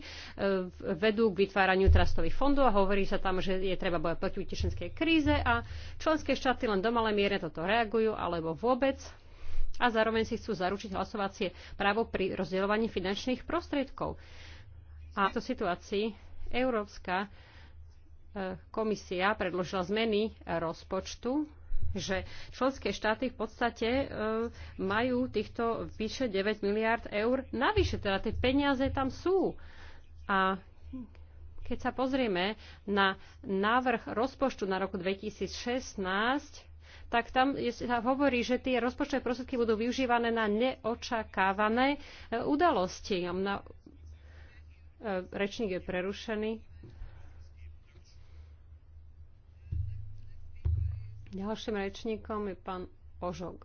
vedú k vytváraniu trastových fondov a hovorí sa tam, že je treba bojovať proti utečenskej kríze a členské štáty len do malej miere toto reagujú alebo vôbec a zároveň si chcú zaručiť hlasovacie právo pri rozdeľovaní finančných prostriedkov. A v tejto situácii Európska e, komisia predložila zmeny rozpočtu, že členské štáty v podstate e, majú týchto vyše 9 miliard eur navyše, teda tie peniaze tam sú. A keď sa pozrieme na návrh rozpočtu na roku 2016, tak tam je, sa hovorí, že tie rozpočtové prostriedky budú využívané na neočakávané e, udalosti. Na, e, rečník je prerušený. Ďalším rečníkom je pán Ožog.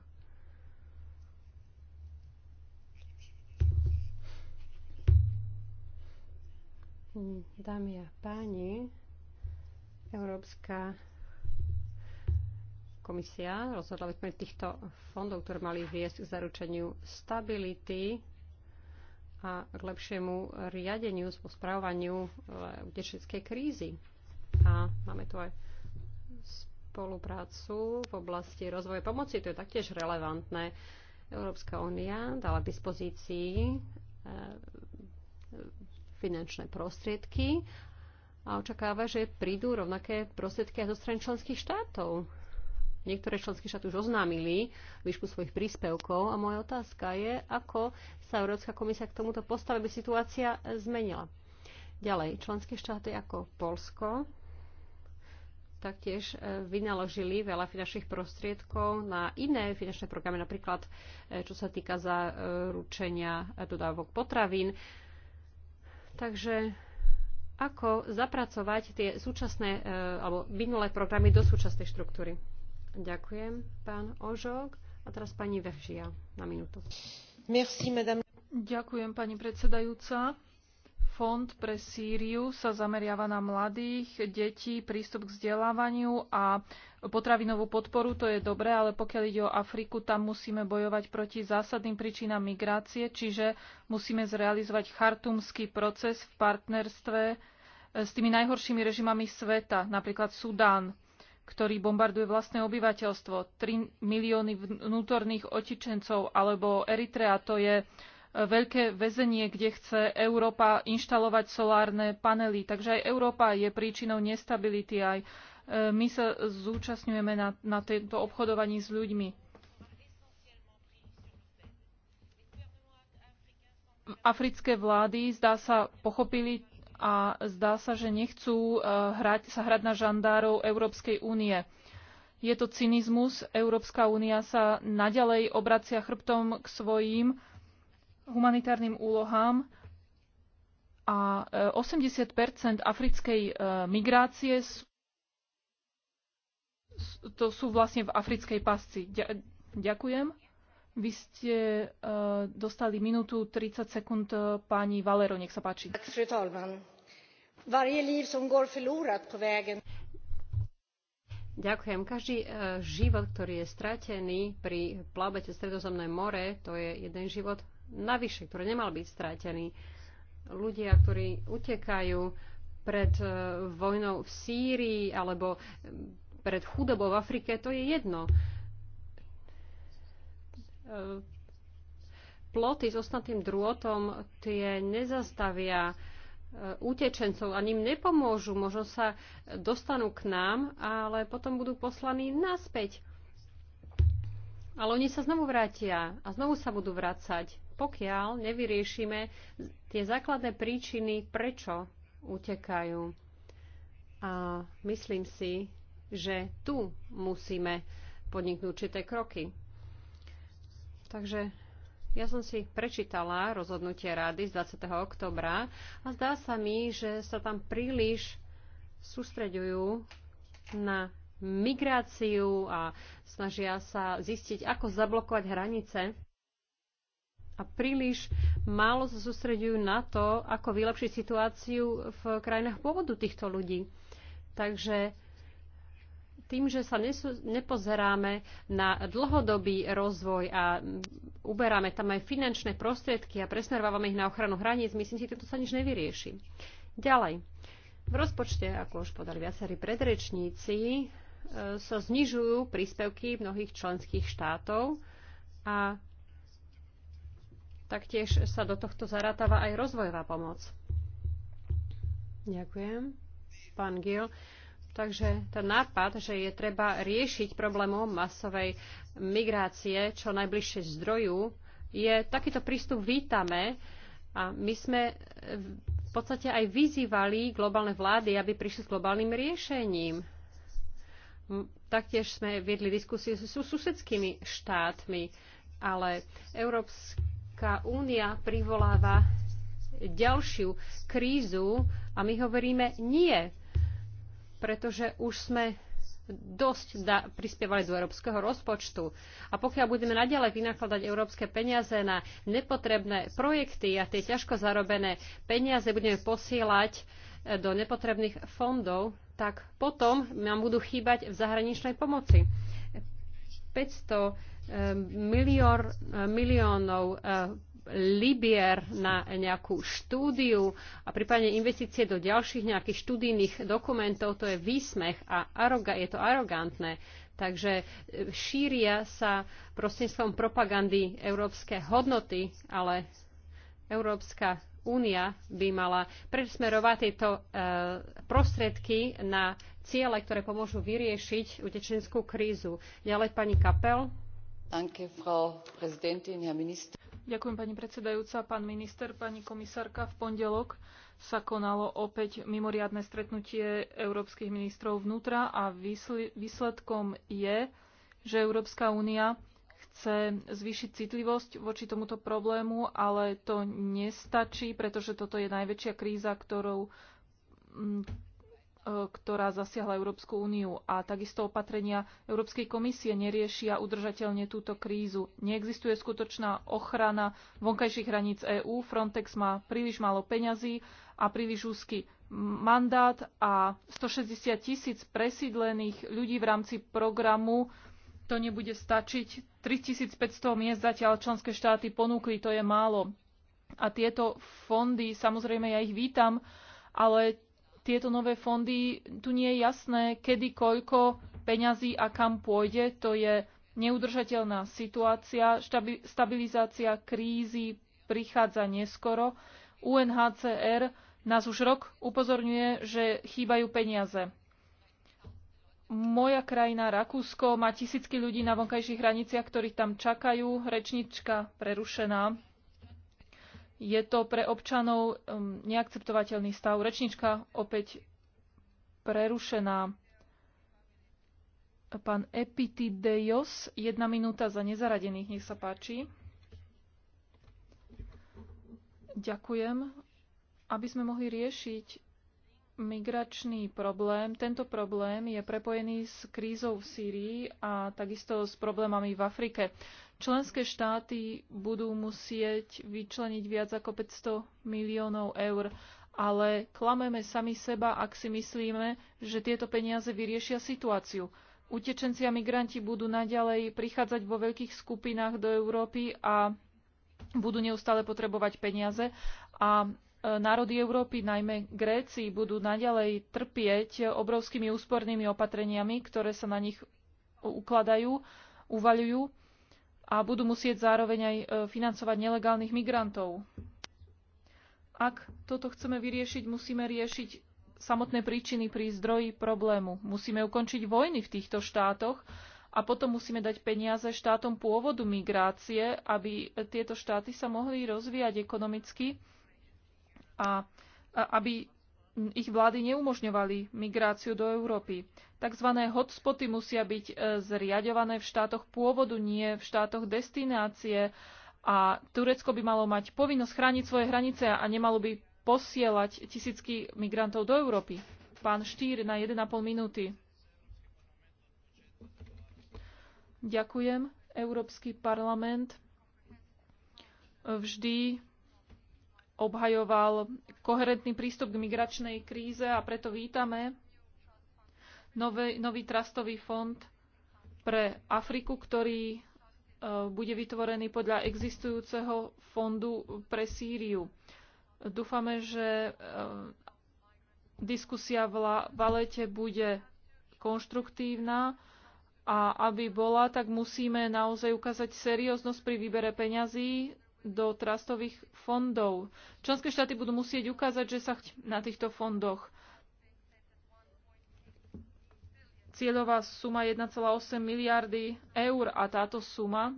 Dámy a páni, Európska komisia rozhodla sme týchto fondov, ktoré mali viesť k zaručeniu stability a k lepšiemu riadeniu, správaniu eh, utečeckej krízy. A máme tu aj spoluprácu v oblasti rozvoja pomoci, to je taktiež relevantné. Európska únia dala k dispozícii eh, finančné prostriedky a očakáva, že prídu rovnaké prostriedky aj zo strany členských štátov. Niektoré členské štáty už oznámili výšku svojich príspevkov a moja otázka je, ako sa Európska komisia k tomuto postaví, aby situácia zmenila. Ďalej, členské štáty ako Polsko taktiež e, vynaložili veľa finančných prostriedkov na iné finančné programy, napríklad e, čo sa týka zaručenia e, dodávok potravín. Takže ako zapracovať tie súčasné alebo minulé programy do súčasnej štruktúry? Ďakujem, pán Ožok. A teraz pani Veržia na minútu. Merci, madame. Ďakujem, pani predsedajúca. Fond pre Sýriu sa zameriava na mladých, detí, prístup k vzdelávaniu a potravinovú podporu. To je dobré, ale pokiaľ ide o Afriku, tam musíme bojovať proti zásadným príčinám migrácie, čiže musíme zrealizovať chartumský proces v partnerstve s tými najhoršími režimami sveta, napríklad Sudán ktorý bombarduje vlastné obyvateľstvo. 3 milióny vnútorných otičencov alebo Eritrea, to je e, veľké väzenie, kde chce Európa inštalovať solárne panely. Takže aj Európa je príčinou nestability. Aj e, my sa zúčastňujeme na, na tento obchodovaní s ľuďmi. Africké vlády, zdá sa, pochopili a zdá sa, že nechcú e, hrať, sa hrať na žandárov Európskej únie. Je to cynizmus. Európska únia sa naďalej obracia chrbtom k svojim humanitárnym úlohám a 80 e, africkej e, migrácie to sú vlastne v africkej pasci. Ďakujem. Vy ste uh, dostali minútu 30 sekúnd uh, pani Valero, nech sa páči. Ďakujem. Každý uh, život, ktorý je stratený pri plavbe cez Stredozemné more, to je jeden život navyše, ktorý nemal byť stratený. Ľudia, ktorí utekajú pred uh, vojnou v Sýrii alebo pred chudobou v Afrike, to je jedno. Uh, Ehm, ploty s ostatným drôtom tie nezastavia ehm, utečencov a ním nepomôžu. Možno sa dostanú k nám, ale potom budú poslaní naspäť. Ale oni sa znovu vrátia a znovu sa budú vrácať, pokiaľ nevyriešime tie základné príčiny, prečo utekajú. A myslím si, že tu musíme podniknúť určité kroky. Takže ja som si prečítala rozhodnutie rady z 20. oktobra a zdá sa mi, že sa tam príliš sústreďujú na migráciu a snažia sa zistiť, ako zablokovať hranice a príliš málo sa sústreďujú na to, ako vylepšiť situáciu v krajinách pôvodu týchto ľudí. Takže tým, že sa nepozeráme na dlhodobý rozvoj a uberáme tam aj finančné prostriedky a presmerovávame ich na ochranu hraníc, myslím si, že to sa nič nevyrieši. Ďalej. V rozpočte, ako už podali viacerí predrečníci, e, sa znižujú príspevky mnohých členských štátov a taktiež sa do tohto zarátava aj rozvojová pomoc. Ďakujem. Pán Gil. Takže ten nápad, že je treba riešiť problémom masovej migrácie čo najbližšie zdroju, je takýto prístup vítame a my sme v podstate aj vyzývali globálne vlády, aby prišli s globálnym riešením. Taktiež sme viedli diskusie s susedskými štátmi, ale Európska únia privoláva ďalšiu krízu a my hovoríme nie pretože už sme dosť da, prispievali do európskeho rozpočtu. A pokiaľ budeme naďalej vynakladať európske peniaze na nepotrebné projekty a tie ťažko zarobené peniaze budeme posielať e, do nepotrebných fondov, tak potom nám budú chýbať v zahraničnej pomoci. 500 e, miliór, e, miliónov libier na nejakú štúdiu a prípadne investície do ďalších nejakých štúdijných dokumentov, to je výsmech a aroga, je to arogantné. Takže e, šíria sa prostredníctvom propagandy európske hodnoty, ale Európska únia by mala presmerovať tieto e, prostriedky na ciele, ktoré pomôžu vyriešiť utečenskú krízu. Ďalej pani Kapel. Danke, Frau Präsidentin, Herr Minister. Ďakujem pani predsedajúca, pán minister, pani komisárka. V pondelok sa konalo opäť mimoriadne stretnutie európskych ministrov vnútra a výsledkom je, že Európska únia chce zvýšiť citlivosť voči tomuto problému, ale to nestačí, pretože toto je najväčšia kríza, ktorou E, ktorá zasiahla Európsku úniu a takisto opatrenia Európskej komisie neriešia udržateľne túto krízu. Neexistuje skutočná ochrana vonkajších hraníc EÚ, Frontex má príliš málo peňazí a príliš úzky mandát a 160 tisíc presídlených ľudí v rámci programu to nebude stačiť. 3500 miest zatiaľ členské štáty ponúkli, to je málo. A tieto fondy, samozrejme ja ich vítam, ale tieto nové fondy, tu nie je jasné, kedy koľko peňazí a kam pôjde. To je neudržateľná situácia, stabilizácia krízy prichádza neskoro. UNHCR nás už rok upozorňuje, že chýbajú peniaze. Moja krajina Rakúsko má tisícky ľudí na vonkajších hraniciach, ktorí tam čakajú. Rečnička prerušená. Je to pre občanov um, neakceptovateľný stav. Rečnička opäť prerušená. Pán Epitideios, jedna minúta za nezaradených, nech sa páči. Ďakujem. Aby sme mohli riešiť migračný problém. Tento problém je prepojený s krízou v Sýrii a takisto s problémami v Afrike. Členské štáty budú musieť vyčleniť viac ako 500 miliónov eur, ale klameme sami seba, ak si myslíme, že tieto peniaze vyriešia situáciu. Utečenci a migranti budú naďalej prichádzať vo veľkých skupinách do Európy a budú neustále potrebovať peniaze a E, národy Európy, najmä Gréci, budú naďalej trpieť obrovskými úspornými opatreniami, ktoré sa na nich ukladajú, uvaľujú a budú musieť zároveň aj e, financovať nelegálnych migrantov. Ak toto chceme vyriešiť, musíme riešiť samotné príčiny pri zdroji problému. Musíme ukončiť vojny v týchto štátoch a potom musíme dať peniaze štátom pôvodu migrácie, aby tieto štáty sa mohli rozvíjať ekonomicky a aby ich vlády neumožňovali migráciu do Európy. Takzvané hotspoty musia byť e, zriadované v štátoch pôvodu, nie v štátoch destinácie a Turecko by malo mať povinnosť chrániť svoje hranice a nemalo by posielať tisícky migrantov do Európy. Pán Štýr na 1,5 minúty. Ďakujem. Európsky parlament vždy obhajoval koherentný prístup k migračnej kríze a preto vítame nový, nový trastový fond pre Afriku, ktorý e, bude vytvorený podľa existujúceho fondu pre Sýriu. Dúfame, že e, diskusia v Valete bude konštruktívna a aby bola, tak musíme naozaj ukázať serióznosť pri výbere peňazí do trastových fondov. Členské štáty budú musieť ukázať, že sa na týchto fondoch cieľová suma 1,8 miliardy eur a táto suma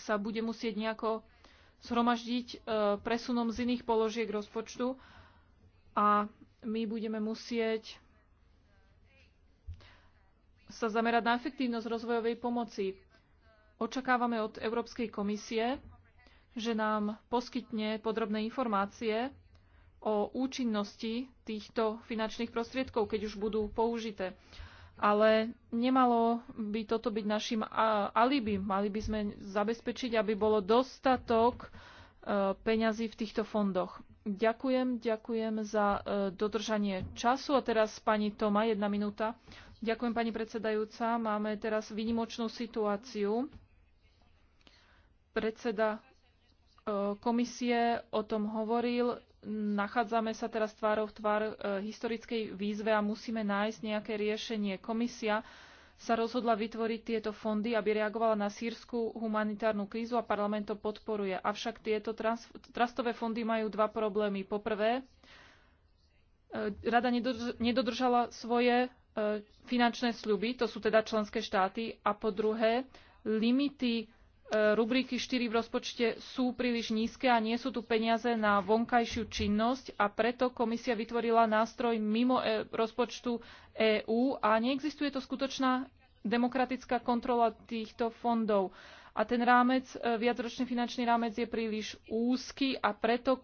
sa bude musieť nejako zhromaždiť e, presunom z iných položiek rozpočtu a my budeme musieť sa zamerať na efektívnosť rozvojovej pomoci. Očakávame od Európskej komisie, že nám poskytne podrobné informácie o účinnosti týchto finančných prostriedkov, keď už budú použité. Ale nemalo by toto byť našim alibi. Mali by sme zabezpečiť, aby bolo dostatok e, peňazí v týchto fondoch. Ďakujem, ďakujem za e, dodržanie času. A teraz pani Toma, jedna minúta. Ďakujem, pani predsedajúca. Máme teraz výnimočnú situáciu. Predseda E, komisie o tom hovoril. Nachádzame sa teraz tvárov v tvár e, historickej výzve a musíme nájsť nejaké riešenie. Komisia sa rozhodla vytvoriť tieto fondy, aby reagovala na sírskú humanitárnu krízu a parlament to podporuje. Avšak tieto trastové fondy majú dva problémy. Poprvé, e, rada nedodržala svoje finančné sľuby, to sú teda členské štáty, a po druhé, limity E, rubriky 4 v rozpočte sú príliš nízke a nie sú tu peniaze na vonkajšiu činnosť a preto komisia vytvorila nástroj mimo e, rozpočtu EÚ a neexistuje to skutočná demokratická kontrola týchto fondov. A ten rámec, e, viacročný finančný rámec je príliš úzky a preto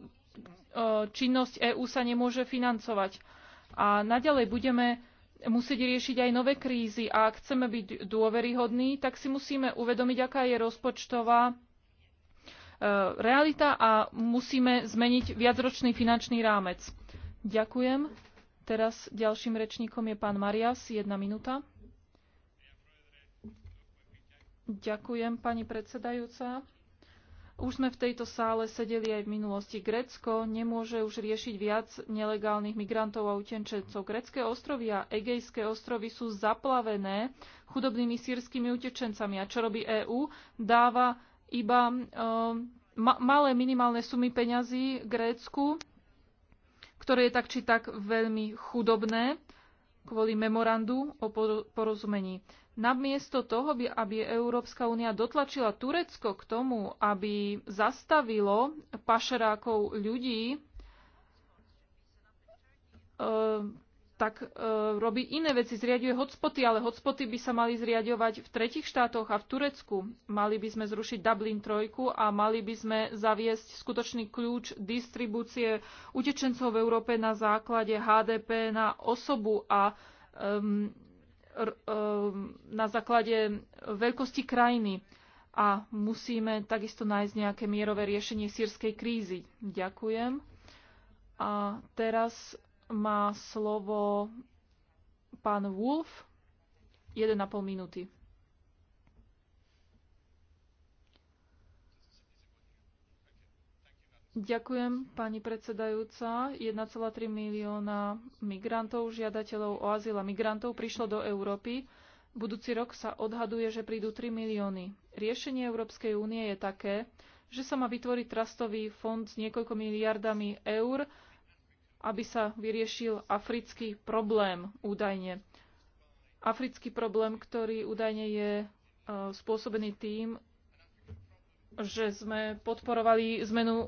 činnosť EÚ sa nemôže financovať. A naďalej budeme musieť riešiť aj nové krízy a ak chceme byť dôveryhodní, tak si musíme uvedomiť, aká je rozpočtová e, realita a musíme zmeniť viacročný finančný rámec. Ďakujem. Teraz ďalším rečníkom je pán Marias, jedna minúta. Ďakujem, pani predsedajúca. Už sme v tejto sále sedeli aj v minulosti. Grécko nemôže už riešiť viac nelegálnych migrantov a utečencov. Grécké ostrovy a Egejské ostrovy sú zaplavené chudobnými sírskymi utečencami. A čo robí EÚ? Dáva iba um, ma- malé minimálne sumy peňazí Grécku, ktoré je tak či tak veľmi chudobné kvôli memorandu o porozumení. Namiesto toho, aby Európska únia dotlačila Turecko k tomu, aby zastavilo pašerákov ľudí, e, tak e, robí iné veci, zriaduje hotspoty, ale hotspoty by sa mali zriadovať v tretich štátoch a v Turecku. Mali by sme zrušiť Dublin 3 a mali by sme zaviesť skutočný kľúč distribúcie utečencov v Európe na základe HDP na osobu a um, E, na základe veľkosti krajiny a musíme takisto nájsť nejaké mierové riešenie sírskej krízy. Ďakujem. A teraz má slovo pán Wolf. 1,5 minúty. Ďakujem, pani predsedajúca. 1,3 milióna migrantov, žiadateľov o azyl a migrantov prišlo do Európy. Budúci rok sa odhaduje, že prídu 3 milióny. Riešenie Európskej únie je také, že sa má vytvoriť trastový fond s niekoľko miliardami eur, aby sa vyriešil africký problém údajne. Africký problém, ktorý údajne je e, spôsobený tým, že sme podporovali zmenu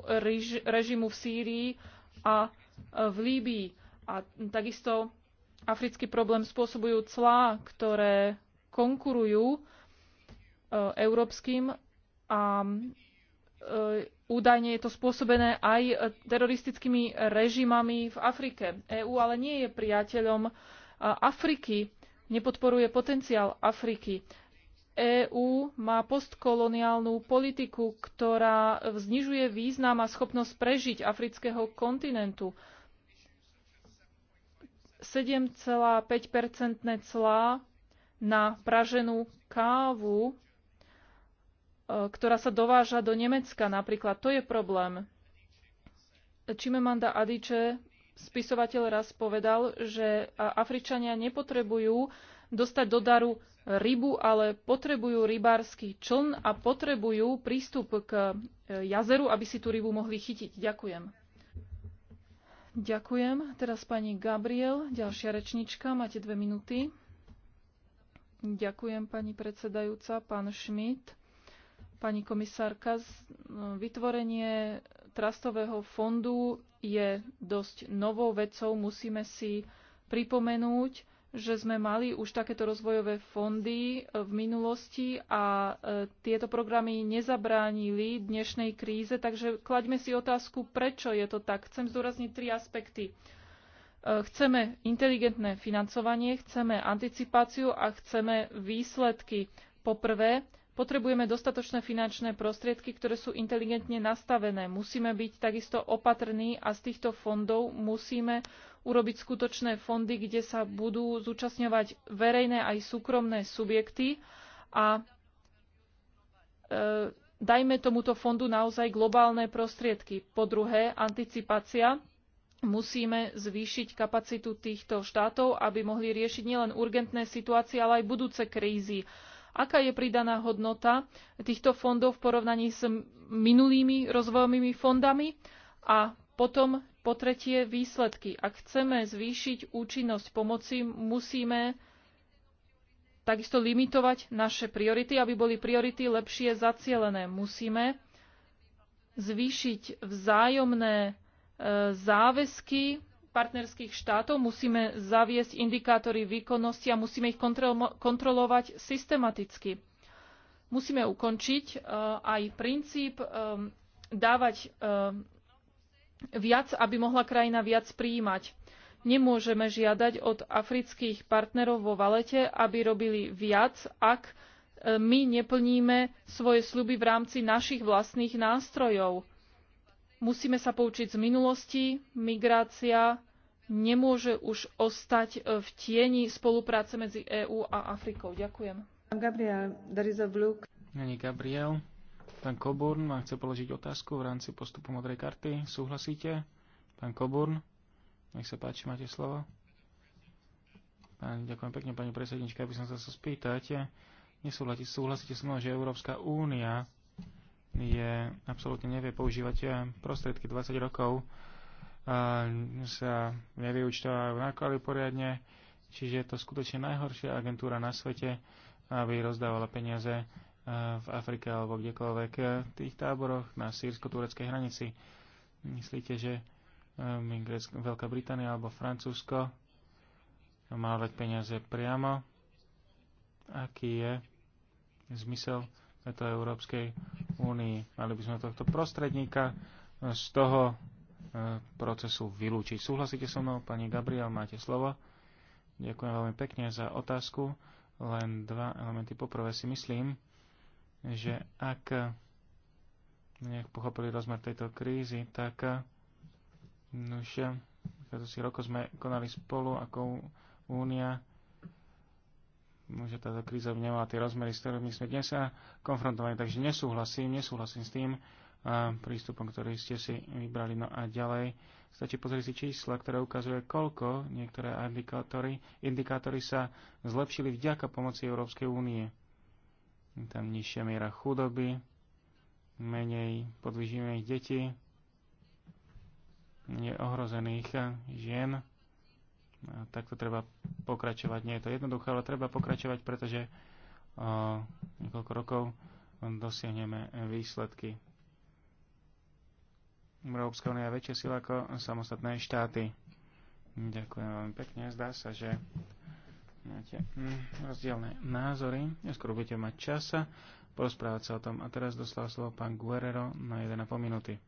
režimu v Sýrii a e, v Líbii. A takisto africký problém spôsobujú clá, ktoré konkurujú e, európskym a e, údajne je to spôsobené aj teroristickými režimami v Afrike. EÚ ale nie je priateľom Afriky, nepodporuje potenciál Afriky. EÚ má postkoloniálnu politiku, ktorá znižuje význam a schopnosť prežiť afrického kontinentu. 7,5-percentné clá na praženú kávu, e, ktorá sa dováža do Nemecka napríklad. To je problém. Čimemanda Adiče, spisovateľ raz povedal, že Afričania nepotrebujú dostať do daru rybu, ale potrebujú rybársky čln a potrebujú prístup k e, jazeru, aby si tú rybu mohli chytiť. Ďakujem. Ďakujem. Teraz pani Gabriel, ďalšia rečnička, máte dve minúty. Ďakujem, pani predsedajúca, pán Schmidt, pani komisárka. No, vytvorenie trastového fondu je dosť novou vecou, musíme si pripomenúť, že sme mali už takéto rozvojové fondy e, v minulosti a e, tieto programy nezabránili dnešnej kríze, takže klaďme si otázku, prečo je to tak. Chcem zdôrazniť tri aspekty. E, chceme inteligentné financovanie, chceme anticipáciu a chceme výsledky. Poprvé, Potrebujeme dostatočné finančné prostriedky, ktoré sú inteligentne nastavené. Musíme byť takisto opatrní a z týchto fondov musíme urobiť skutočné fondy, kde sa budú zúčastňovať verejné aj súkromné subjekty a e, dajme tomuto fondu naozaj globálne prostriedky. Po druhé, anticipácia. Musíme zvýšiť kapacitu týchto štátov, aby mohli riešiť nielen urgentné situácie, ale aj budúce krízy Aká je pridaná hodnota týchto fondov v porovnaní s minulými rozvojovými fondami? A potom po tretie výsledky. Ak chceme zvýšiť účinnosť pomoci, musíme takisto limitovať naše priority, aby boli priority lepšie zacielené. Musíme zvýšiť vzájomné e, záväzky partnerských štátov, musíme zaviesť indikátory výkonnosti a musíme ich kontrolo kontrolovať systematicky. Musíme ukončiť uh, aj princíp um, dávať um, viac, aby mohla krajina viac prijímať. Nemôžeme žiadať od afrických partnerov vo Valete, aby robili viac, ak my neplníme svoje sľuby v rámci našich vlastných nástrojov Musíme sa poučiť z minulosti. Migrácia nemôže už ostať e, v tieni spolupráce medzi EÚ a Afrikou. Ďakujem. Gabriel, there is a Není Gabriel. Pán Coburn vám chce položiť otázku v rámci postupu modrej karty. Súhlasíte? Pán Coburn, nech sa páči, máte slovo. Pán, ďakujem pekne, pani predsednička, aby som sa spýtať. Nesúhlasíte, súhlasíte so mnou, že Európska únia je, absolútne nevie používať eh, prostriedky 20 rokov eh, sa nevyučtovajú náklady poriadne, čiže je to skutočne najhoršia agentúra na svete, aby rozdávala peniaze eh, v Afrike alebo kdekoľvek v tých táboroch na sírsko-tureckej hranici. Myslíte, že Veľká Británia alebo Francúzsko má dať peniaze priamo? Aký je zmysel tejto Európskej únii. Mali by sme tohto prostredníka e, z toho e, procesu vylúčiť. Súhlasíte so mnou, pani Gabriel, máte slovo. Ďakujem veľmi pekne za otázku. Len dva elementy. Poprvé si myslím, že ak nejak pochopili rozmer tejto krízy, tak e, už si roko sme konali spolu ako únia že táto kríza nemala tie rozmery, s ktorými sme dnes sa konfrontovali. Takže nesúhlasím, nesúhlasím s tým e, prístupom, ktorý ste si vybrali. No a ďalej stačí pozrieť si čísla, ktoré ukazuje, koľko niektoré indikátory, indikátory sa zlepšili vďaka pomoci Európskej únie. Tam nižšia miera chudoby, menej podvyživených detí, neohrozených žien, takto treba pokračovať. Nie je to jednoduché, ale treba pokračovať, pretože o niekoľko rokov dosiahneme výsledky. Európska únia je väčšia sila ako samostatné štáty. Ďakujem veľmi pekne. Zdá sa, že máte hm, rozdielne názory. Neskôr budete mať časa porozprávať sa o tom. A teraz dostal slovo pán Guerrero na 1,5 minúty.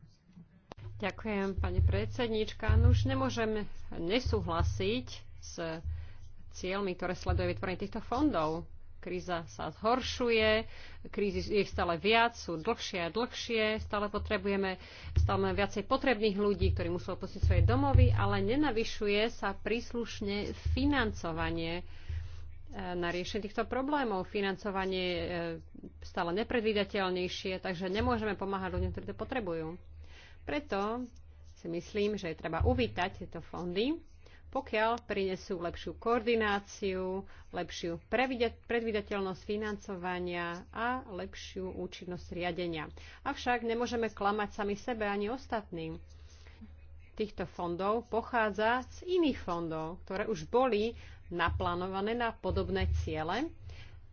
Ďakujem, pani predsednička. No už nemôžem nesúhlasiť s cieľmi, ktoré sleduje vytvorenie týchto fondov. Kríza sa zhoršuje, krízy je stále viac, sú dlhšie a dlhšie, stále potrebujeme stále máme viacej potrebných ľudí, ktorí musú opustiť svoje domovy, ale nenavyšuje sa príslušne financovanie eh, na riešenie týchto problémov. Financovanie je eh, stále nepredvídateľnejšie, takže nemôžeme pomáhať ľuďom, ktorí to potrebujú. Preto si myslím, že je treba uvítať tieto fondy, pokiaľ prinesú lepšiu koordináciu, lepšiu predvydateľnosť financovania a lepšiu účinnosť riadenia. Avšak nemôžeme klamať sami sebe ani ostatným. Týchto fondov pochádza z iných fondov, ktoré už boli naplánované na podobné ciele.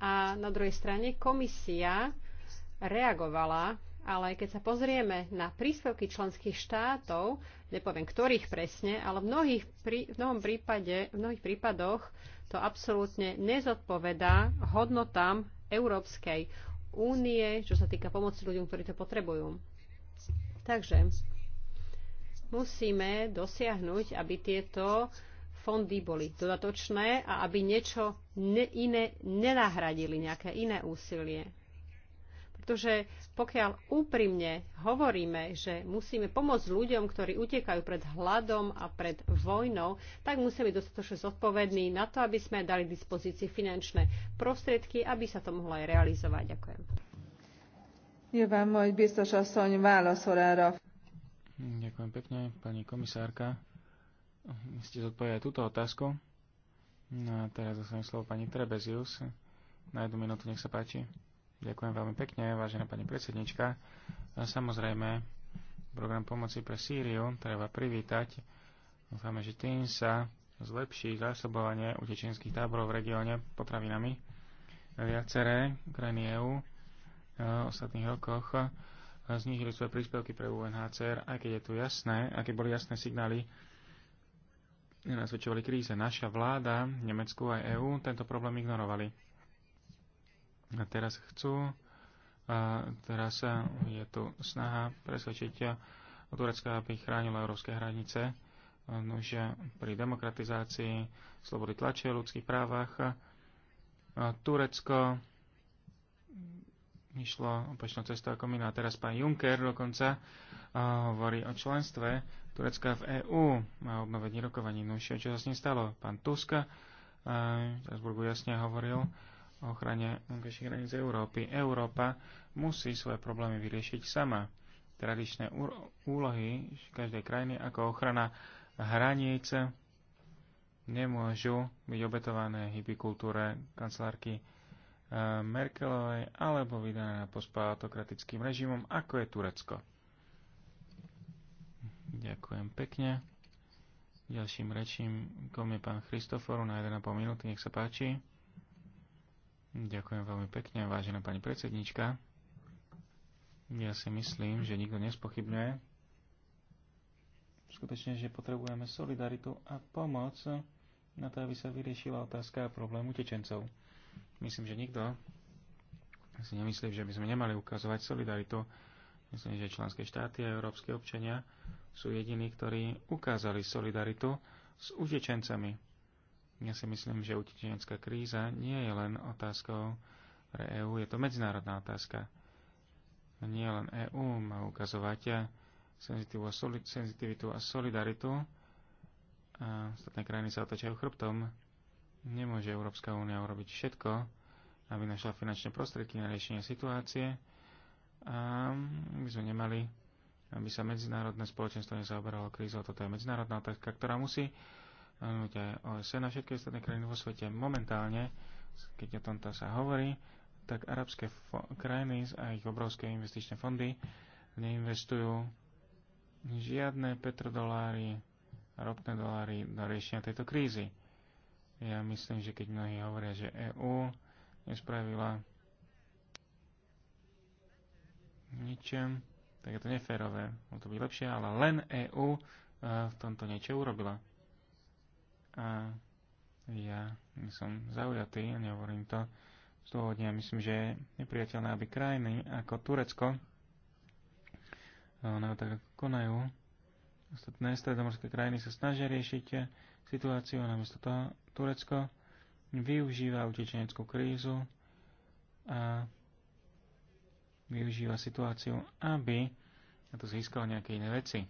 A na druhej strane komisia reagovala ale keď sa pozrieme na príspevky členských štátov, nepoviem ktorých presne, ale v, mnohých, prí, v, mnohom prípade, v mnohých prípadoch to absolútne nezodpovedá hodnotám Európskej únie, čo sa týka pomoci ľuďom, ktorí to potrebujú. Takže musíme dosiahnuť, aby tieto fondy boli dodatočné a aby niečo ne, iné nenahradili, nejaké iné úsilie. Pretože pokiaľ úprimne hovoríme, že musíme pomôcť ľuďom, ktorí utekajú pred hladom a pred vojnou, tak musíme byť dostatočne zodpovední na to, aby sme dali dispozícii finančné prostriedky, aby sa to mohlo aj realizovať. Ďakujem. Nyilván majd biztos asszony válaszol erre. Ďakujem pekne, pani komisárka. Ste zodpovedali túto otázku. No a teraz zase slovo pani Trebezius. Na jednu minútu, nech sa páči. Ďakujem veľmi pekne, vážená pani predsednička. A samozrejme, program pomoci pre Sýriu treba privítať. Dúfame, že tým sa zlepší zásobovanie utečenských táborov v regióne potravinami. Viaceré krajiny EÚ e, v ostatných rokoch e, znížili svoje príspevky pre UNHCR, aj keď je tu jasné, aké boli jasné signály, nenazvedčovali kríze. Naša vláda, Nemecku aj EÚ tento problém ignorovali a teraz chcú, a teraz je tu snaha presvedčiť Turecka, aby chránila európske hranice. Nože pri demokratizácii, slobody tlače, ľudských právach Turecko išlo opačnou cestou ako a Teraz pán Juncker dokonca hovorí o členstve Turecka v EÚ a obnovení rokovaní. No čo sa s ním stalo? Pán Tuska v Strasburgu jasne hovoril, ochrane vonkajších hraníc Európy. Európa musí svoje problémy vyriešiť sama. Tradičné úlohy každej krajiny ako ochrana hraníc nemôžu byť obetované hypikultúre kancelárky e, Merkelovej alebo vydané na pospa autokratickým režimom, ako je Turecko. Ďakujem pekne. Ďalším rečím je pán Christoforu na 1,5 minúty, nech sa páči. Ďakujem veľmi pekne, vážená pani predsednička. Ja si myslím, že nikto nespochybňuje. Skutočne, že potrebujeme solidaritu a pomoc na to, aby sa vyriešila otázka a problém utečencov. Myslím, že nikto si nemyslí, že by sme nemali ukazovať solidaritu. Myslím, že členské štáty a európske občania sú jediní, ktorí ukázali solidaritu s utečencami ja si myslím, že utečenecká kríza nie je len otázkou pre EÚ, je to medzinárodná otázka. Nie len EÚ má ukazovať senzitivitu a solidaritu a ostatné krajiny sa otočajú chrbtom. Nemôže Európska únia urobiť všetko, aby našla finančné prostriedky na riešenie situácie a my sme nemali aby sa medzinárodné spoločenstvo nezaoberalo krízou. Toto je medzinárodná otázka, ktorá musí kde OSN na všetky ostatné krajiny vo svete momentálne, keď o tomto sa hovorí, tak arabské krajiny a ich obrovské investičné fondy neinvestujú žiadne petrodoláry, ropné doláry do riešenia tejto krízy. Ja myslím, že keď mnohí hovoria, že EÚ nespravila ničem, tak je to neférové. Bolo to byť lepšie, ale len EÚ eh, v tomto niečo urobila. A ja som zaujatý, a nehovorím to z dňa, myslím, že je nepriateľné, aby krajiny ako Turecko no, tak konajú. Ostatné stredomorské krajiny sa snažia riešiť situáciu, a namiesto toho Turecko využíva utečeneckú krízu a využíva situáciu, aby na to získal nejaké iné veci.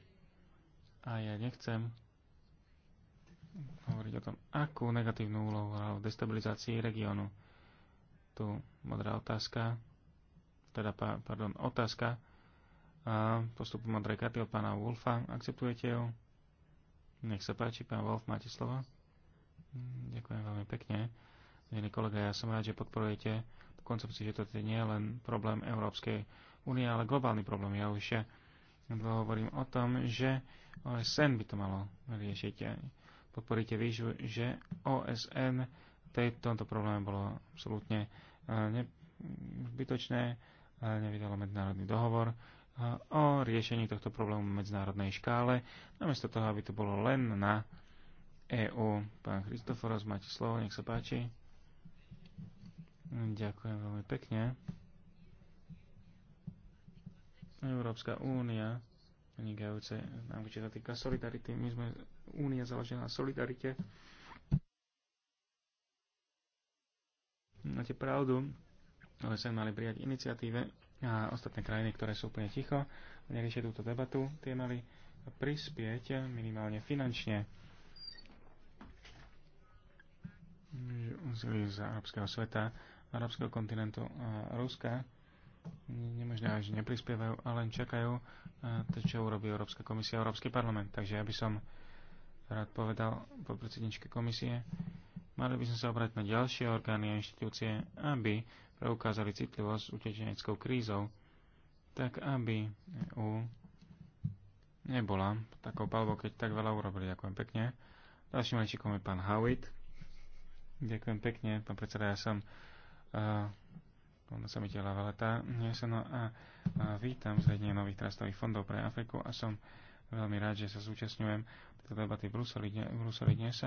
A ja nechcem hovoriť o tom, akú negatívnu úlohu hral v destabilizácii regiónu. Tu modrá otázka, teda, pardon, otázka a postupu modrej karty od pána Wolfa. Akceptujete ju? Nech sa páči, pán Wolf, máte slovo. Ďakujem veľmi pekne. Milí kolega, ja som rád, že podporujete koncepciu, že to nie je len problém Európskej únie, ale globálny problém. Ja už dlho hovorím o tom, že OSN by to malo riešiť podporíte vy, že OSN tento tomto probléme bolo absolútne e, zbytočné, e, nevydalo medzinárodný dohovor e, o riešení tohto problému v medzinárodnej škále, namiesto toho, aby to bolo len na EU. Pán Kristoforos, máte slovo, nech sa páči. Ďakujem veľmi pekne. Európska únia vynikajúce, nám čo sa týka solidarity, my sme únia založená na solidarite. Máte pravdu, ale sa mali prijať iniciatíve a ostatné krajiny, ktoré sú úplne ticho, neriešia túto debatu, tie mali prispieť minimálne finančne z arabského sveta, arabského kontinentu a Ruska. Nemožné, že neprispievajú ale len čakajú to, čo urobí Európska komisia a Európsky parlament. Takže ja by som rád povedal predsedničke komisie, mali by sme sa obrať na ďalšie orgány a inštitúcie, aby preukázali citlivosť s utečeneckou krízou, tak aby EU nebola takou palbou, keď tak veľa urobili. Ďakujem pekne. Ďalším lečikom je pán Howitt. Ďakujem pekne, pán predseda, ja som uh, eh, samiteľa Valeta. Ja som no, a, a vítam zvedenie nových trastových fondov pre Afriku a som veľmi rád, že sa zúčastňujem tejto debaty v Bruseli, dnes.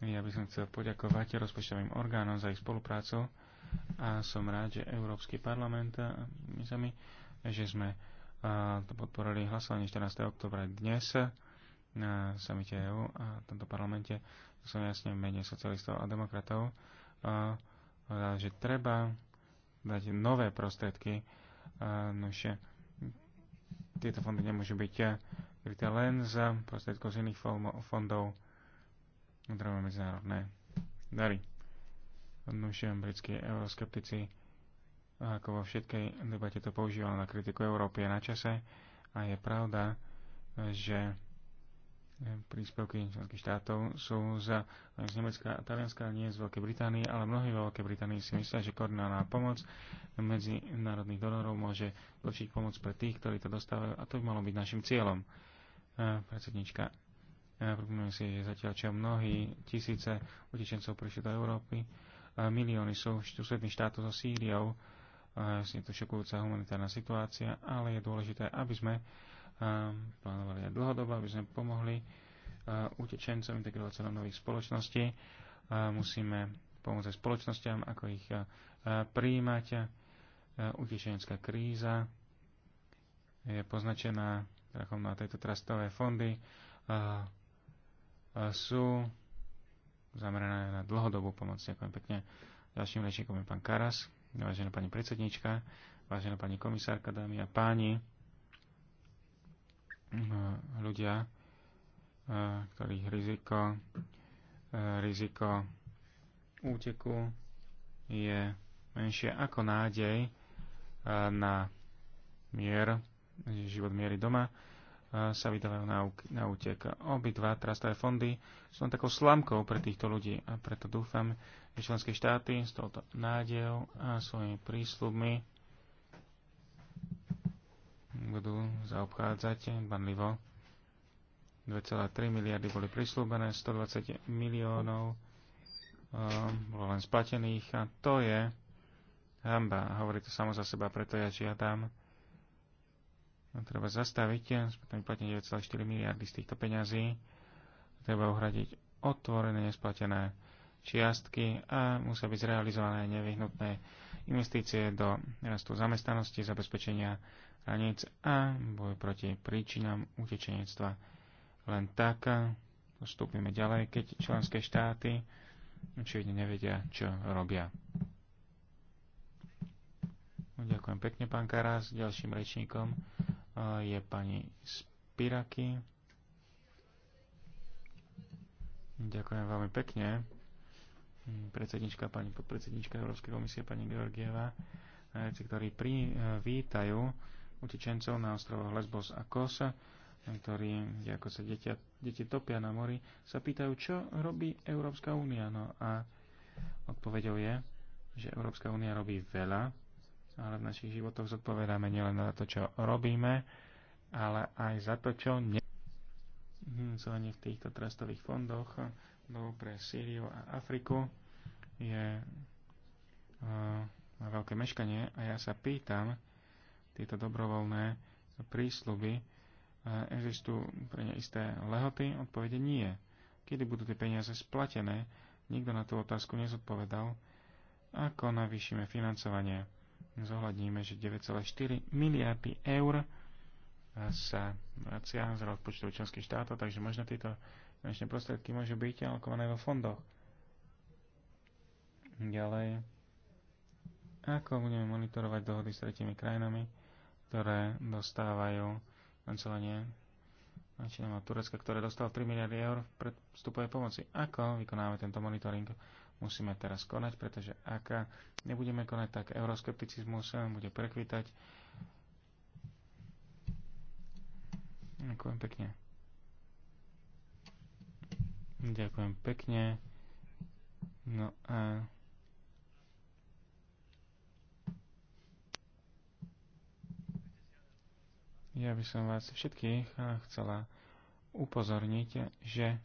Ja by som chcel poďakovať rozpočtovým orgánom za ich spoluprácu a som rád, že Európsky parlament a my sami, že sme to podporili hlasovanie 14. oktobra dnes na samite EU a v tomto parlamente som jasne v mene socialistov a demokratov a, že treba dať nové prostriedky. A, nože, tieto fondy nemôžu byť kryté len za prostriedkov z iných fondov zdravia medzinárodné dary. Odnúšujem britskí euroskeptici a ako vo všetkej debate to používal na kritiku Európy na čase a je pravda, že príspevky členských štátov sú za z Nemecka a Talianska, nie z Veľkej Británie, ale mnohí vo Veľkej Británii si myslia, že koordinálna pomoc medzinárodných donorov môže zlepšiť pomoc pre tých, ktorí to dostávajú a to by malo byť našim cieľom predsednička. Pripomínam si zatiaľ, čo mnohí tisíce utečencov prišli do Európy. Milióny sú susedných štátov so Sýriou. Je to šokujúca humanitárna situácia, ale je dôležité, aby sme plánovali aj dlhodobo, aby sme pomohli utečencom integrovať sa do nových spoločností. Musíme pomôcť aj spoločnosťam, ako ich príjmať. Utečenecká kríza je poznačená krachom na no tejto trastové fondy, a, eh, a eh, sú zamerané na dlhodobú pomoc. Ďakujem pekne. Ďalším rečníkom je pán Karas, vážená pani predsednička, vážená pani komisárka, dámy a páni, eh, ľudia, ktorých riziko, riziko úteku je menšie ako nádej na mier život miery doma, e, sa vydávajú na, na útek. Obidva trastové fondy sú len takou slamkou pre týchto ľudí a preto dúfam, že členské štáty s touto nádejou a svojimi prísľubmi budú zaobchádzať banlivo. 2,3 miliardy boli prislúbené, 120 miliónov e, bolo len splatených a to je hamba. Hovorí to samo za seba, preto ja žiadam treba zastaviť, eh, platne 9,4 miliardy z týchto peňazí, treba uhradiť otvorené nesplatené čiastky a musia byť zrealizované nevyhnutné investície do rastu zamestnanosti, zabezpečenia hraníc a boj proti príčinám utečenectva. Len tak eh, postupíme ďalej, keď členské štáty očividne nevedia, čo robia. Ďakujem pekne, pán Karas. Ďalším rečníkom je pani Spiraky. Ďakujem veľmi pekne. Predsednička, pani podpredsednička Európskej komisie, pani Georgieva, veci, ktorí privítajú e, utečencov na ostrovoch Lesbos a Kos, ktorí, ako sa deti, deti topia na mori, sa pýtajú, čo robí Európska únia. No a odpovedou je, že Európska únia robí veľa, ale v našich životoch zodpovedáme nielen za to, čo robíme, ale aj za to, čo ne... Hm, v týchto trestových fondoch eh, no, pre Sýriu a Afriku je uh, veľké meškanie a ja sa pýtam, tieto dobrovoľné prísluby, uh, eh, existujú pre ne isté lehoty? Odpovede nie. Kedy budú tie peniaze splatené? Nikto na tú otázku nezodpovedal. Ako navýšime financovanie? zohľadníme, že 9,4 miliardy eur sa vracia z rozpočtu členských štátov, takže možno tieto finančné prostriedky môžu byť alokované vo fondoch. Ďalej, ako budeme monitorovať dohody s tretimi krajinami, ktoré dostávajú kancelenie Turecka, ktoré dostalo 3 miliardy eur v predstupovej pomoci. Ako vykonáme tento monitoring? Musíme teraz konať, pretože ak nebudeme konať, tak euroskepticizmus bude prekvitať. Ďakujem pekne. Ďakujem pekne. No a... Ja by som vás všetkých chcela upozorniť, že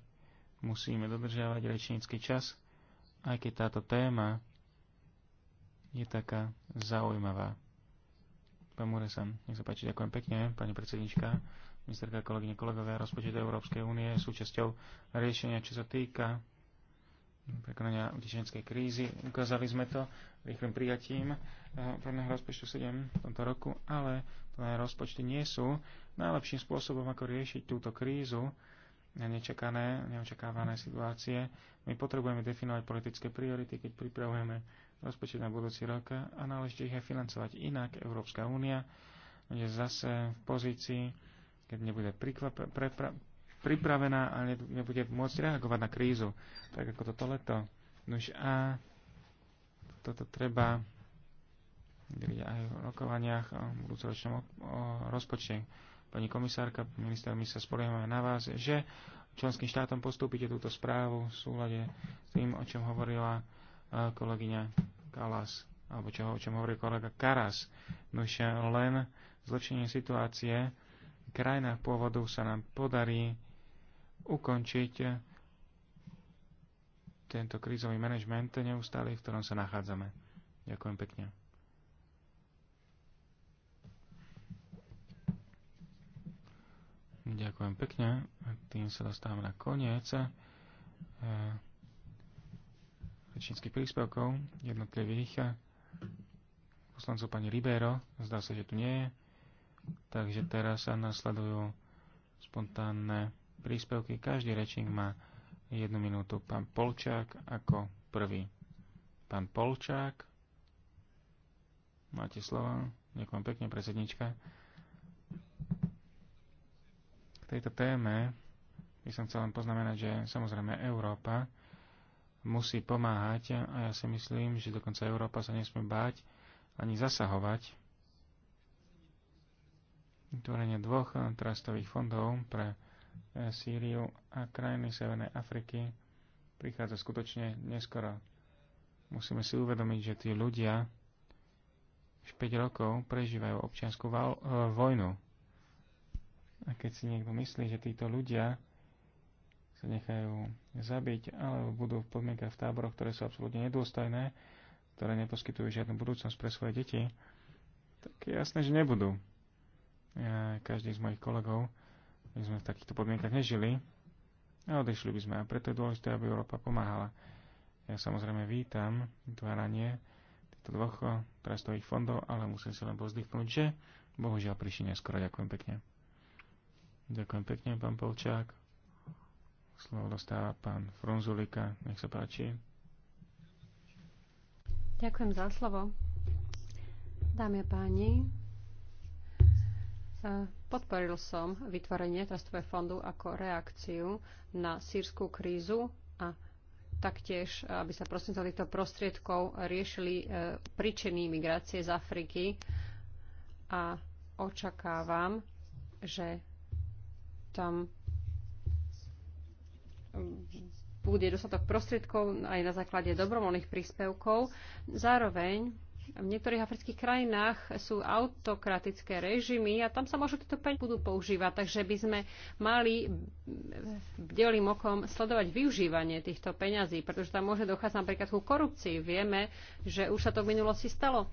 musíme dodržiavať rečnícky čas aj keď táto téma je taká zaujímavá. Pán Muresan, nech sa páči, ďakujem pekne, pani predsednička, ministerka, kolegyne, kolegovia, rozpočet Európskej únie je súčasťou riešenia, čo sa týka prekonania utečeneckej krízy. Ukázali sme to rýchlym prijatím eh, plného rozpočtu 7 v tomto roku, ale plné rozpočty nie sú najlepším spôsobom, ako riešiť túto krízu, nečakané, neočakávané situácie. My potrebujeme definovať politické priority, keď pripravujeme rozpočet na budúci rok a náležite ich aj financovať. Inak Európska únia bude zase v pozícii, keď nebude pripravená a nebude môcť reagovať na krízu, tak ako toto leto. Nož a toto treba aj v rokovaniach o budúcoročnom rozpočte Pani komisárka, minister, my sa spoliehame na vás, že členským štátom postúpite túto správu v súlade s tým, o čom hovorila e, kolegyňa Kalas, alebo čo, o čom hovorí kolega Karas. Nuž len zlepšenie situácie v krajinách pôvodu sa nám podarí ukončiť tento krízový manažment neustály, v ktorom sa nachádzame. Ďakujem pekne. Ďakujem pekne. Tým sa dostávam na koniec eh, rečníckých príspevkov jednotlivých eh, poslancov pani Ribero. Zdá sa, že tu nie je. Takže teraz sa nasledujú spontánne príspevky. Každý rečník má jednu minútu. Pán Polčák ako prvý. Pán Polčák, máte slovo. Ďakujem pekne, predsednička. K tejto téme by som chcel len poznamenať, že samozrejme Európa musí pomáhať a ja si myslím, že dokonca Európa sa nesmie báť ani zasahovať vytvorenie dvoch trastových fondov pre e, Sýriu a krajiny Severnej Afriky prichádza skutočne neskoro. Musíme si uvedomiť, že tí ľudia už 5 rokov prežívajú občianskú e, vojnu. A keď si niekto myslí, že títo ľudia sa nechajú zabiť, alebo budú v podmienkach v táboroch, ktoré sú absolútne nedôstojné, ktoré neposkytujú žiadnu budúcnosť pre svoje deti, tak je jasné, že nebudú. Ja, každý z mojich kolegov, my sme v takýchto podmienkach nežili a odešli by sme. A preto je dôležité, aby Európa pomáhala. Ja samozrejme vítam vytváranie týchto dvoch trestových fondov, ale musím si len pozdychnúť, že bohužiaľ prišli neskoro. Ďakujem pekne. Ďakujem pekne, pán Polčák. Slovo dostáva pán Fronzulika. Nech sa páči. Ďakujem za slovo. Dámy a páni, e, podporil som vytvorenie Trastového fondu ako reakciu na sírskú krízu a taktiež, aby sa prosím za týchto prostriedkov riešili e, príčiny migrácie z Afriky a očakávam, že tam bude dostatok prostriedkov aj na základe dobrovoľných príspevkov. Zároveň v niektorých afrických krajinách sú autokratické režimy a tam sa môžu tieto peniaze budú používať, takže by sme mali bdelým okom sledovať využívanie týchto peňazí, pretože tam môže dochádzať napríklad ku korupcii. Vieme, že už sa to v minulosti stalo.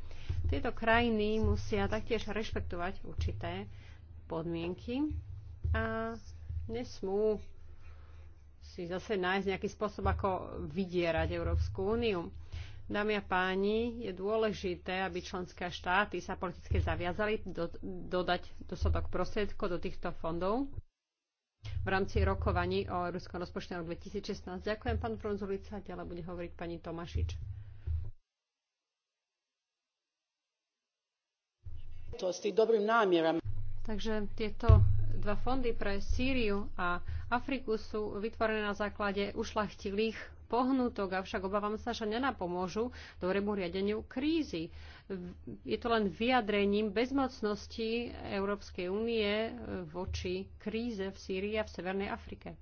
Tieto krajiny musia taktiež rešpektovať určité podmienky a nesmú si zase nájsť nejaký spôsob, ako vydierať Európsku úniu. Dámy a páni, je dôležité, aby členské štáty sa politicky zaviazali do, dodať dosadok prostriedkov do týchto fondov v rámci rokovaní o Európskom rozpočte rok 2016. Ďakujem, pán Fronzulica, ďalej bude hovoriť pani Tomašič. Dobrým námierom. Takže tieto dva fondy pre Sýriu a Afriku sú vytvorené na základe ušlachtilých pohnutok, avšak obávam sa, že nenapomôžu dobrému riadeniu krízy. Je to len vyjadrením bezmocnosti Európskej únie voči kríze v Sýrii a v Severnej Afrike.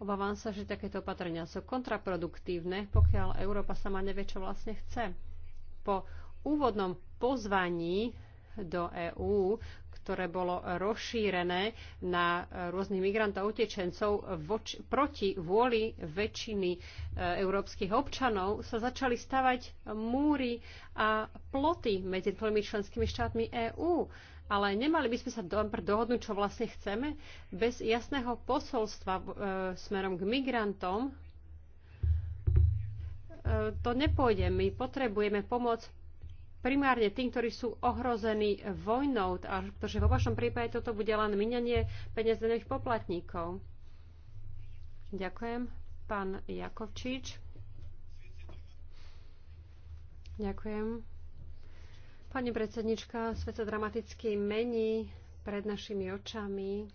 Obávam sa, že takéto opatrenia sú kontraproduktívne, pokiaľ Európa sama nevie, čo vlastne chce. Po úvodnom pozvaní do EÚ ktoré bolo rozšírené na rôznych migrantov a utečencov voč, proti vôli väčšiny e, európskych občanov, sa začali stavať múry a ploty medzi tými členskými štátmi EÚ. Ale nemali by sme sa dohodnúť, čo vlastne chceme? Bez jasného posolstva e, smerom k migrantom e, to nepôjde. My potrebujeme pomoc primárne tým, ktorí sú ohrození vojnou, pretože vo vašom prípade toto bude len minenie peniaz poplatníkov. Ďakujem. Pán Jakovčič. Ďakujem. Pani predsednička, svet sa dramaticky mení pred našimi očami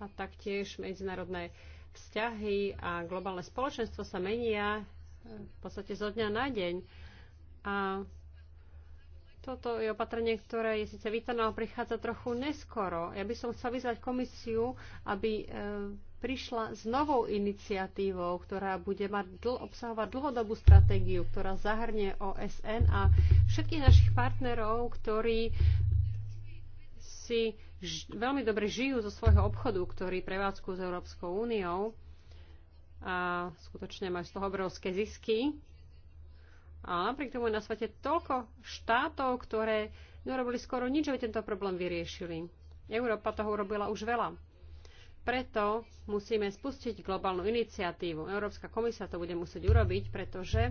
a taktiež medzinárodné vzťahy a globálne spoločenstvo sa menia v podstate zo dňa na deň. A toto je opatrenie, ktoré je síce vítané, ale prichádza trochu neskoro. Ja by som chcel vyzvať komisiu, aby e, prišla s novou iniciatívou, ktorá bude mať dl- obsahovať dlhodobú stratégiu, ktorá zahrnie OSN a všetkých našich partnerov, ktorí si veľmi dobre žijú zo svojho obchodu, ktorý prevádzku s Európskou úniou a skutočne majú z toho obrovské zisky a napriek tomu je na svete toľko štátov, ktoré neurobili skoro nič, aby tento problém vyriešili. Európa toho urobila už veľa. Preto musíme spustiť globálnu iniciatívu. Európska komisia to bude musieť urobiť, pretože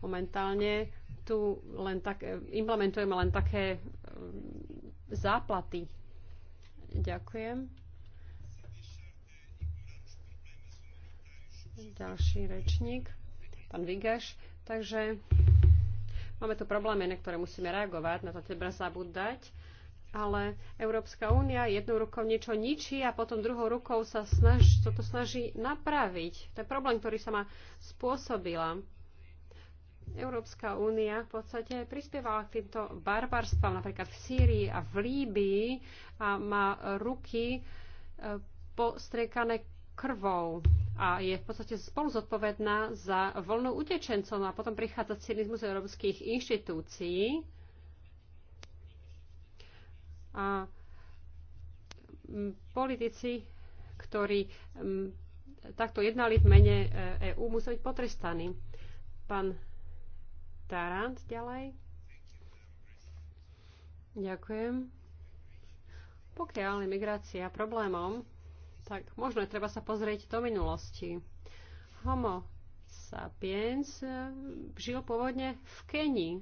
momentálne tu len tak, e, implementujeme len také e, záplaty. Ďakujem. Ďalší rečník, pán Vigaš. Takže máme tu problémy, na ktoré musíme reagovať, na to treba zabúdať. Ale Európska únia jednou rukou niečo ničí a potom druhou rukou sa snaž, toto snaží napraviť. To je problém, ktorý sa ma spôsobila. Európska únia v podstate prispievala k týmto barbarstvám, napríklad v Sýrii a v Líbii a má ruky e, postriekané krvou a je v podstate spolu zodpovedná za voľnú utečencov. No a potom prichádza cynizmus európskych inštitúcií. A politici, ktorí takto jednali v mene EÚ, e musia byť potrestaní. Pán Tarant ďalej. Ďakujem. Pokiaľ je migrácia problémom, tak možno je treba sa pozrieť do minulosti. Homo sapiens e, žil pôvodne v Kenii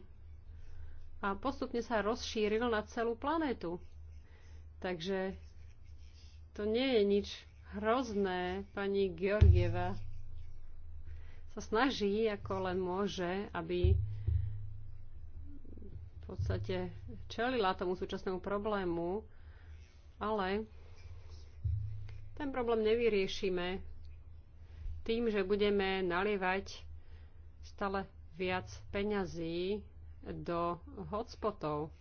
a postupne sa rozšíril na celú planetu. Takže to nie je nič hrozné, pani Georgieva sa snaží, ako len môže, aby v podstate čelila tomu súčasnému problému, ale ten problém nevyriešime tým, že budeme nalievať stále viac peňazí do hotspotov.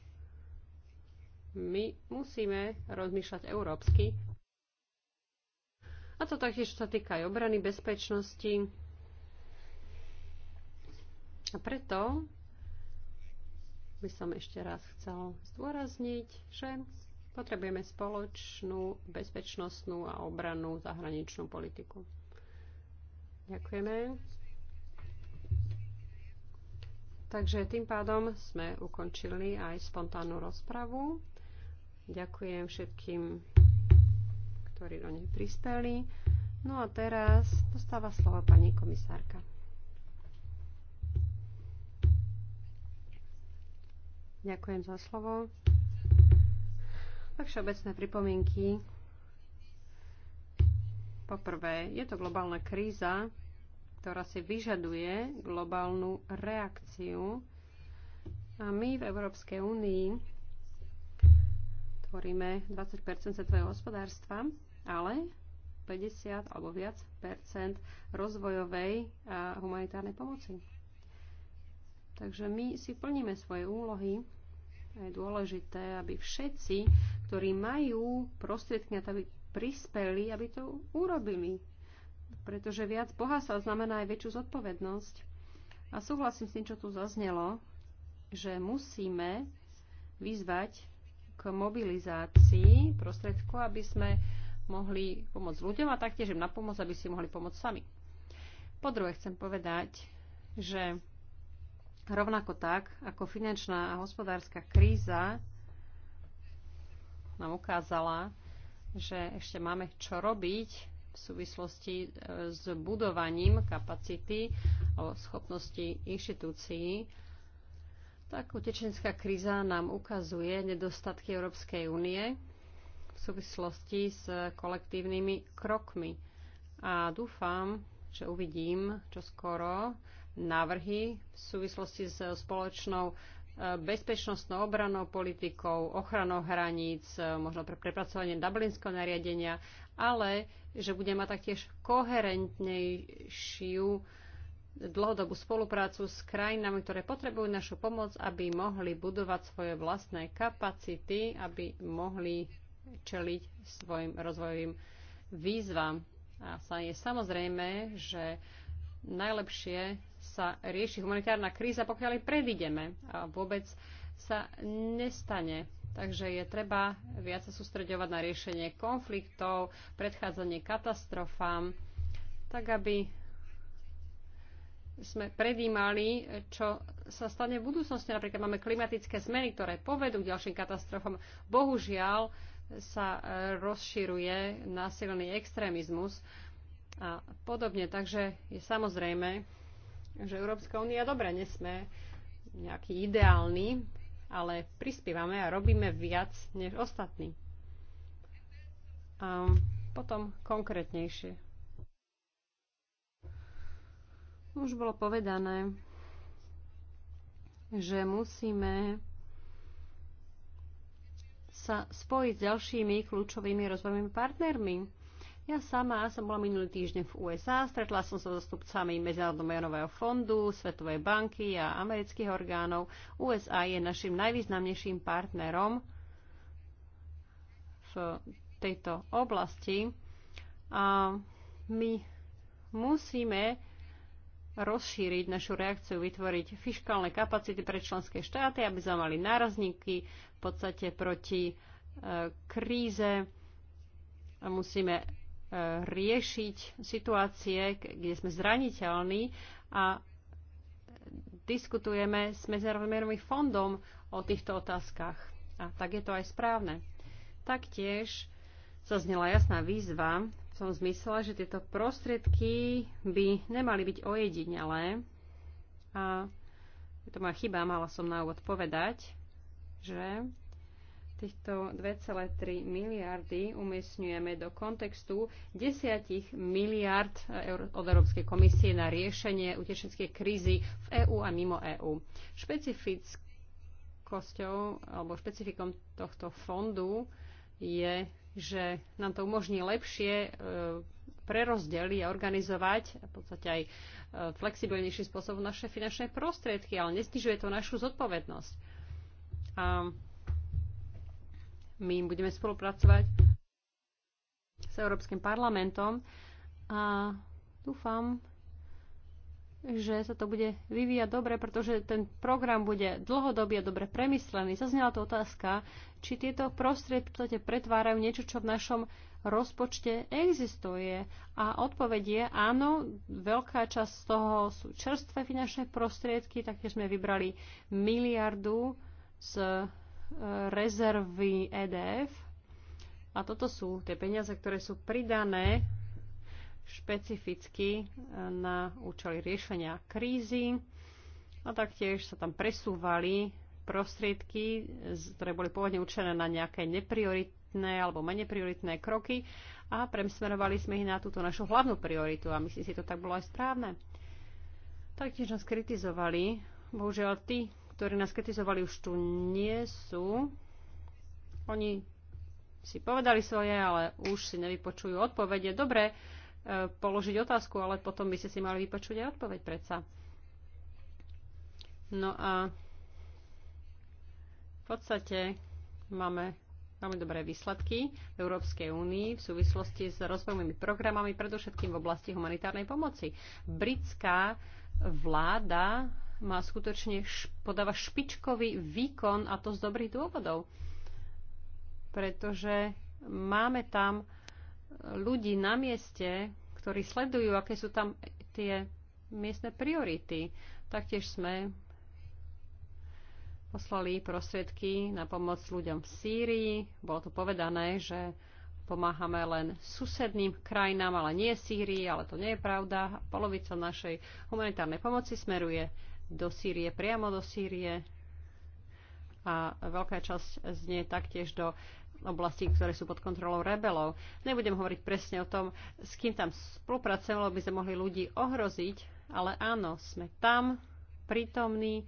My musíme rozmýšľať európsky. A to taktiež sa týka aj obrany, bezpečnosti. A preto by som ešte raz chcel zdôrazniť, že Potrebujeme spoločnú bezpečnostnú a obrannú zahraničnú politiku. Ďakujeme. Takže tým pádom sme ukončili aj spontánnu rozpravu. Ďakujem všetkým, ktorí do nej prispeli. No a teraz dostáva slovo pani komisárka. Ďakujem za slovo. Tak všeobecné pripomienky. Poprvé, je to globálna kríza, ktorá si vyžaduje globálnu reakciu. A my v Európskej únii tvoríme 20 svetového hospodárstva, ale 50 alebo viac percent rozvojovej a humanitárnej pomoci. Takže my si plníme svoje úlohy a je dôležité, aby všetci ktorí majú prostriedky na to, aby prispeli, aby to urobili. Pretože viac bohatstva znamená aj väčšiu zodpovednosť. A súhlasím s tým, čo tu zaznelo, že musíme vyzvať k mobilizácii prostriedku, aby sme mohli pomôcť ľuďom a taktiež im na pomoc, aby si mohli pomôcť sami. Po druhé chcem povedať, že rovnako tak, ako finančná a hospodárska kríza nám ukázala, že ešte máme čo robiť v súvislosti e, s budovaním kapacity alebo schopnosti inštitúcií. Tak utečenská kríza nám ukazuje nedostatky Európskej únie v súvislosti s kolektívnymi krokmi. A dúfam, že uvidím čoskoro návrhy v súvislosti s spoločnou bezpečnostnou obranou politikou, ochranou hraníc, e, možno pre prepracovanie dublinského nariadenia, ale že bude mať taktiež koherentnejšiu dlhodobú spoluprácu s krajinami, ktoré potrebujú našu pomoc, aby mohli budovať svoje vlastné kapacity, aby mohli čeliť svojim rozvojovým výzvam. A je samozrejme, že najlepšie sa rieši humanitárna kríza, pokiaľ jej predídeme a vôbec sa nestane. Takže je treba viac sa sústredovať na riešenie konfliktov, predchádzanie katastrofám, tak aby sme predímali, čo sa stane v budúcnosti. Napríklad máme klimatické zmeny, ktoré povedú k ďalším katastrofám. Bohužiaľ sa e, rozširuje násilný extrémizmus a podobne. Takže je samozrejme, že Európska únia dobre nesme nejaký ideálny, ale prispievame a robíme viac než ostatní. A potom konkrétnejšie. Už bolo povedané, že musíme sa spojiť s ďalšími kľúčovými rozvojovými partnermi ja sama som bola minulý týždeň v USA, stretla som sa so zastupcami Medzinárodného menového fondu, Svetovej banky a amerických orgánov. USA je našim najvýznamnejším partnerom v tejto oblasti a my musíme rozšíriť našu reakciu, vytvoriť fiskálne kapacity pre členské štáty, aby sme mali nárazníky v podstate proti e, kríze. A musíme riešiť situácie, kde sme zraniteľní a diskutujeme s Medzinárodným fondom o týchto otázkach. A tak je to aj správne. Taktiež sa znela jasná výzva v tom zmysle, že tieto prostriedky by nemali byť ojedinelé. A to moja chyba, mala som na úvod povedať, že týchto 2,3 miliardy umiestňujeme do kontextu 10 miliard e, od Európskej komisie na riešenie utečenskej krízy v EÚ a mimo EÚ. Špecifickosťou alebo špecifikom tohto fondu je, že nám to umožní lepšie e, prerozdeliť a organizovať v podstate aj e, flexibilnejší spôsob naše finančné prostriedky, ale nestižuje to našu zodpovednosť. A my budeme spolupracovať s Európskym parlamentom a dúfam, že sa to bude vyvíjať dobre, pretože ten program bude dlhodobý a dobre premyslený. Zaznela to otázka, či tieto prostriedky pretvárajú niečo, čo v našom rozpočte existuje. A odpoveď je áno, veľká časť z toho sú čerstvé finančné prostriedky, takže sme vybrali miliardu z rezervy EDF. A toto sú tie peniaze, ktoré sú pridané špecificky e, na účely riešenia krízy a taktiež sa tam presúvali prostriedky, ktoré boli pôvodne určené na nejaké neprioritné alebo menej prioritné kroky a premsmerovali sme ich na túto našu hlavnú prioritu a myslím si, to tak bolo aj správne. Taktiež nás kritizovali, bohužiaľ tí, ktorí nás kritizovali, už tu nie sú. Oni si povedali svoje, ale už si nevypočujú odpovede. Dobre, e, položiť otázku, ale potom by ste si mali vypočuť aj odpoveď predsa. No a v podstate máme veľmi dobré výsledky v Európskej únii v súvislosti s rozvojovými programami, predovšetkým v oblasti humanitárnej pomoci. Britská vláda má skutočne podáva špičkový výkon a to z dobrých dôvodov. Pretože máme tam ľudí na mieste, ktorí sledujú, aké sú tam tie miestne priority. Taktiež sme poslali prostriedky na pomoc ľuďom v Sýrii. Bolo to povedané, že pomáhame len susedným krajinám, ale nie Sýrii, ale to nie je pravda. Polovica našej humanitárnej pomoci smeruje do Sýrie, priamo do Sýrie a veľká časť z nej taktiež do oblasti, ktoré sú pod kontrolou rebelov. Nebudem hovoriť presne o tom, s kým tam spolupracujeme, lebo by sme mohli ľudí ohroziť, ale áno, sme tam prítomní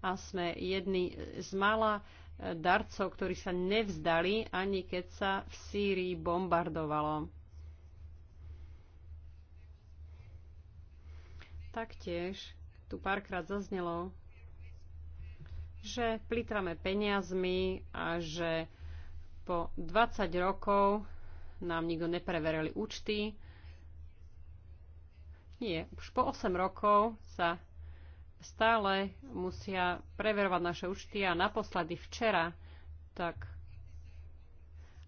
a sme jedni z mala e, darcov, ktorí sa nevzdali, ani keď sa v Sýrii bombardovalo. Taktiež tu párkrát zaznelo, že plýtvame peniazmi a že po 20 rokov nám nikto nepreverili účty. Nie, už po 8 rokov sa stále musia preverovať naše účty a naposledy včera, tak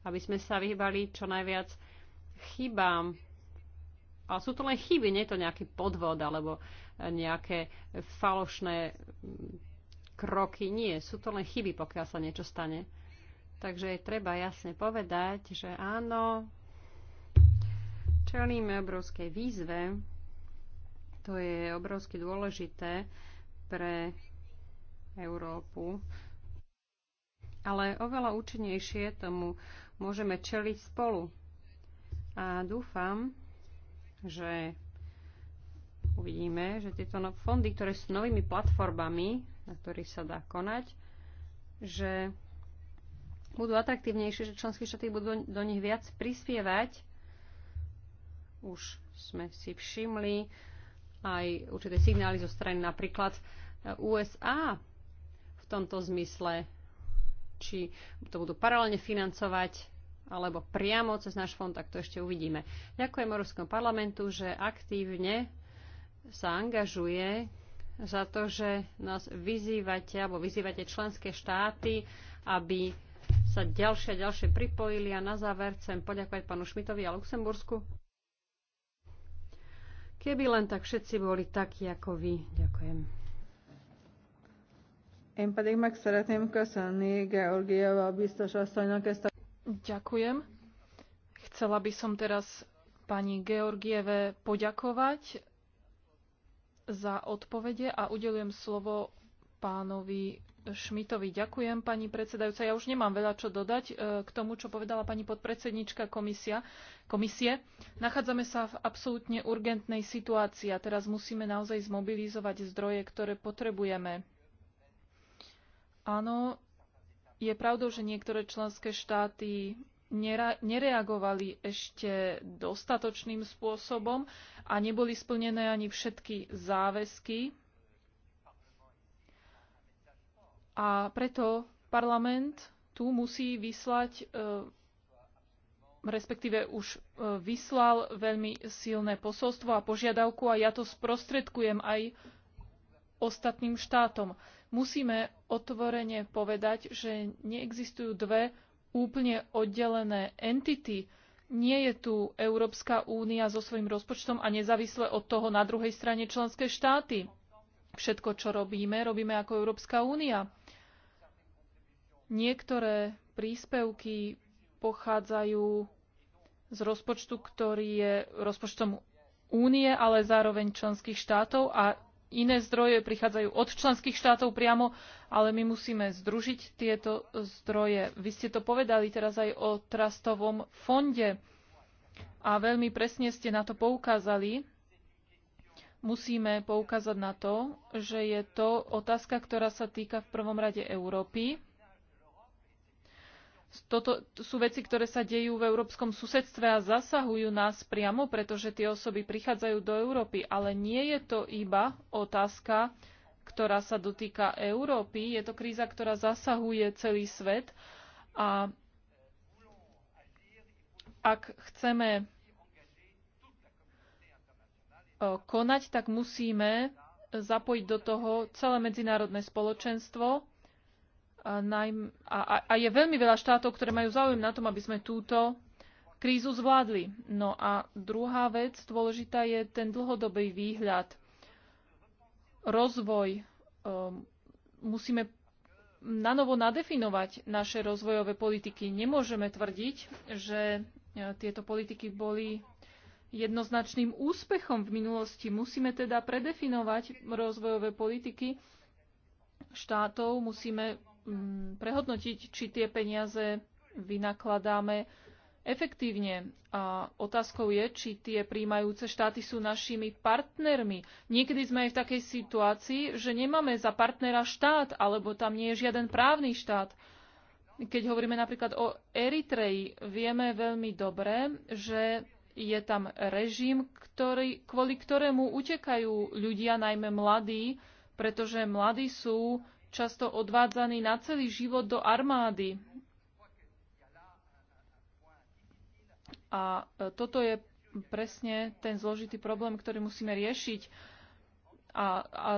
aby sme sa vyhýbali čo najviac chybám. A sú to len chyby, nie je to nejaký podvod alebo nejaké falošné kroky. Nie, sú to len chyby, pokiaľ sa niečo stane. Takže je treba jasne povedať, že áno, čelíme obrovskej výzve. To je obrovsky dôležité pre Európu. Ale oveľa účinnejšie tomu môžeme čeliť spolu. A dúfam, že uvidíme, že tieto no- fondy, ktoré sú novými platformami, na ktorých sa dá konať, že budú atraktívnejšie, že členské štáty budú do nich viac prispievať. Už sme si všimli aj určité signály zo strany napríklad e, USA v tomto zmysle, či to budú paralelne financovať alebo priamo cez náš fond, tak to ešte uvidíme. Ďakujem Európskom parlamentu, že aktívne sa angažuje za to, že nás vyzývate alebo vyzývate členské štáty, aby sa ďalšie a ďalšie pripojili a na záver chcem poďakovať panu Šmitovi a Luxembursku. Keby len tak všetci boli takí ako vy. Ďakujem. Ďakujem. Chcela by som teraz pani Georgieve poďakovať za odpovede a udelujem slovo pánovi Šmitovi. Ďakujem, pani predsedajúca. Ja už nemám veľa čo dodať e, k tomu, čo povedala pani podpredsednička komisia, komisie. Nachádzame sa v absolútne urgentnej situácii a teraz musíme naozaj zmobilizovať zdroje, ktoré potrebujeme. Áno, je pravdou, že niektoré členské štáty nereagovali ešte dostatočným spôsobom a neboli splnené ani všetky záväzky. A preto parlament tu musí vyslať, e, respektíve už e, vyslal veľmi silné posolstvo a požiadavku a ja to sprostredkujem aj ostatným štátom. Musíme otvorene povedať, že neexistujú dve úplne oddelené entity. Nie je tu Európska únia so svojím rozpočtom a nezávisle od toho na druhej strane členské štáty. Všetko, čo robíme, robíme ako Európska únia. Niektoré príspevky pochádzajú z rozpočtu, ktorý je rozpočtom únie, ale zároveň členských štátov a iné zdroje prichádzajú od členských štátov priamo, ale my musíme združiť tieto zdroje. Vy ste to povedali teraz aj o trastovom fonde a veľmi presne ste na to poukázali. Musíme poukázať na to, že je to otázka, ktorá sa týka v prvom rade Európy toto sú veci, ktoré sa dejú v európskom susedstve a zasahujú nás priamo, pretože tie osoby prichádzajú do Európy. Ale nie je to iba otázka, ktorá sa dotýka Európy. Je to kríza, ktorá zasahuje celý svet. A ak chceme e, konať, tak musíme zapojiť do toho celé medzinárodné spoločenstvo, a, je veľmi veľa štátov, ktoré majú záujem na tom, aby sme túto krízu zvládli. No a druhá vec dôležitá je ten dlhodobý výhľad. Rozvoj. Um, musíme nanovo nadefinovať naše rozvojové politiky. Nemôžeme tvrdiť, že e, tieto politiky boli jednoznačným úspechom v minulosti. Musíme teda predefinovať rozvojové politiky štátov, musíme Mm, prehodnotiť, či tie peniaze vynakladáme efektívne. A otázkou je, či tie príjmajúce štáty sú našimi partnermi. Niekedy sme aj v takej situácii, že nemáme za partnera štát, alebo tam nie je žiaden právny štát. Keď hovoríme napríklad o Eritreji, vieme veľmi dobre, že je tam režim, ktorý, kvôli ktorému utekajú ľudia, najmä mladí, pretože mladí sú často odvádzaný na celý život do armády. A e, toto je presne ten zložitý problém, ktorý musíme riešiť. A, a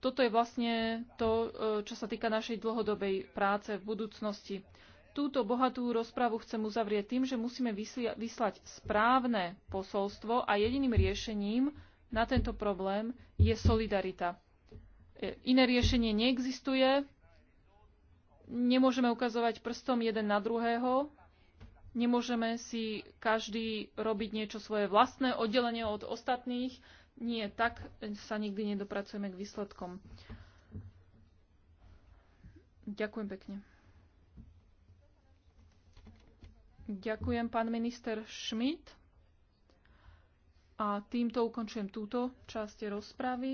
toto je vlastne to, e, čo sa týka našej dlhodobej práce v budúcnosti. Túto bohatú rozpravu chcem uzavrieť tým, že musíme vyslať správne posolstvo a jediným riešením na tento problém je solidarita. E, iné riešenie neexistuje. Nemôžeme ukazovať prstom jeden na druhého. Nemôžeme si každý robiť niečo svoje vlastné, oddelenie od ostatných. Nie, tak sa nikdy nedopracujeme k výsledkom. Ďakujem pekne. Ďakujem, pán minister Schmidt. A týmto ukončujem túto časť rozpravy.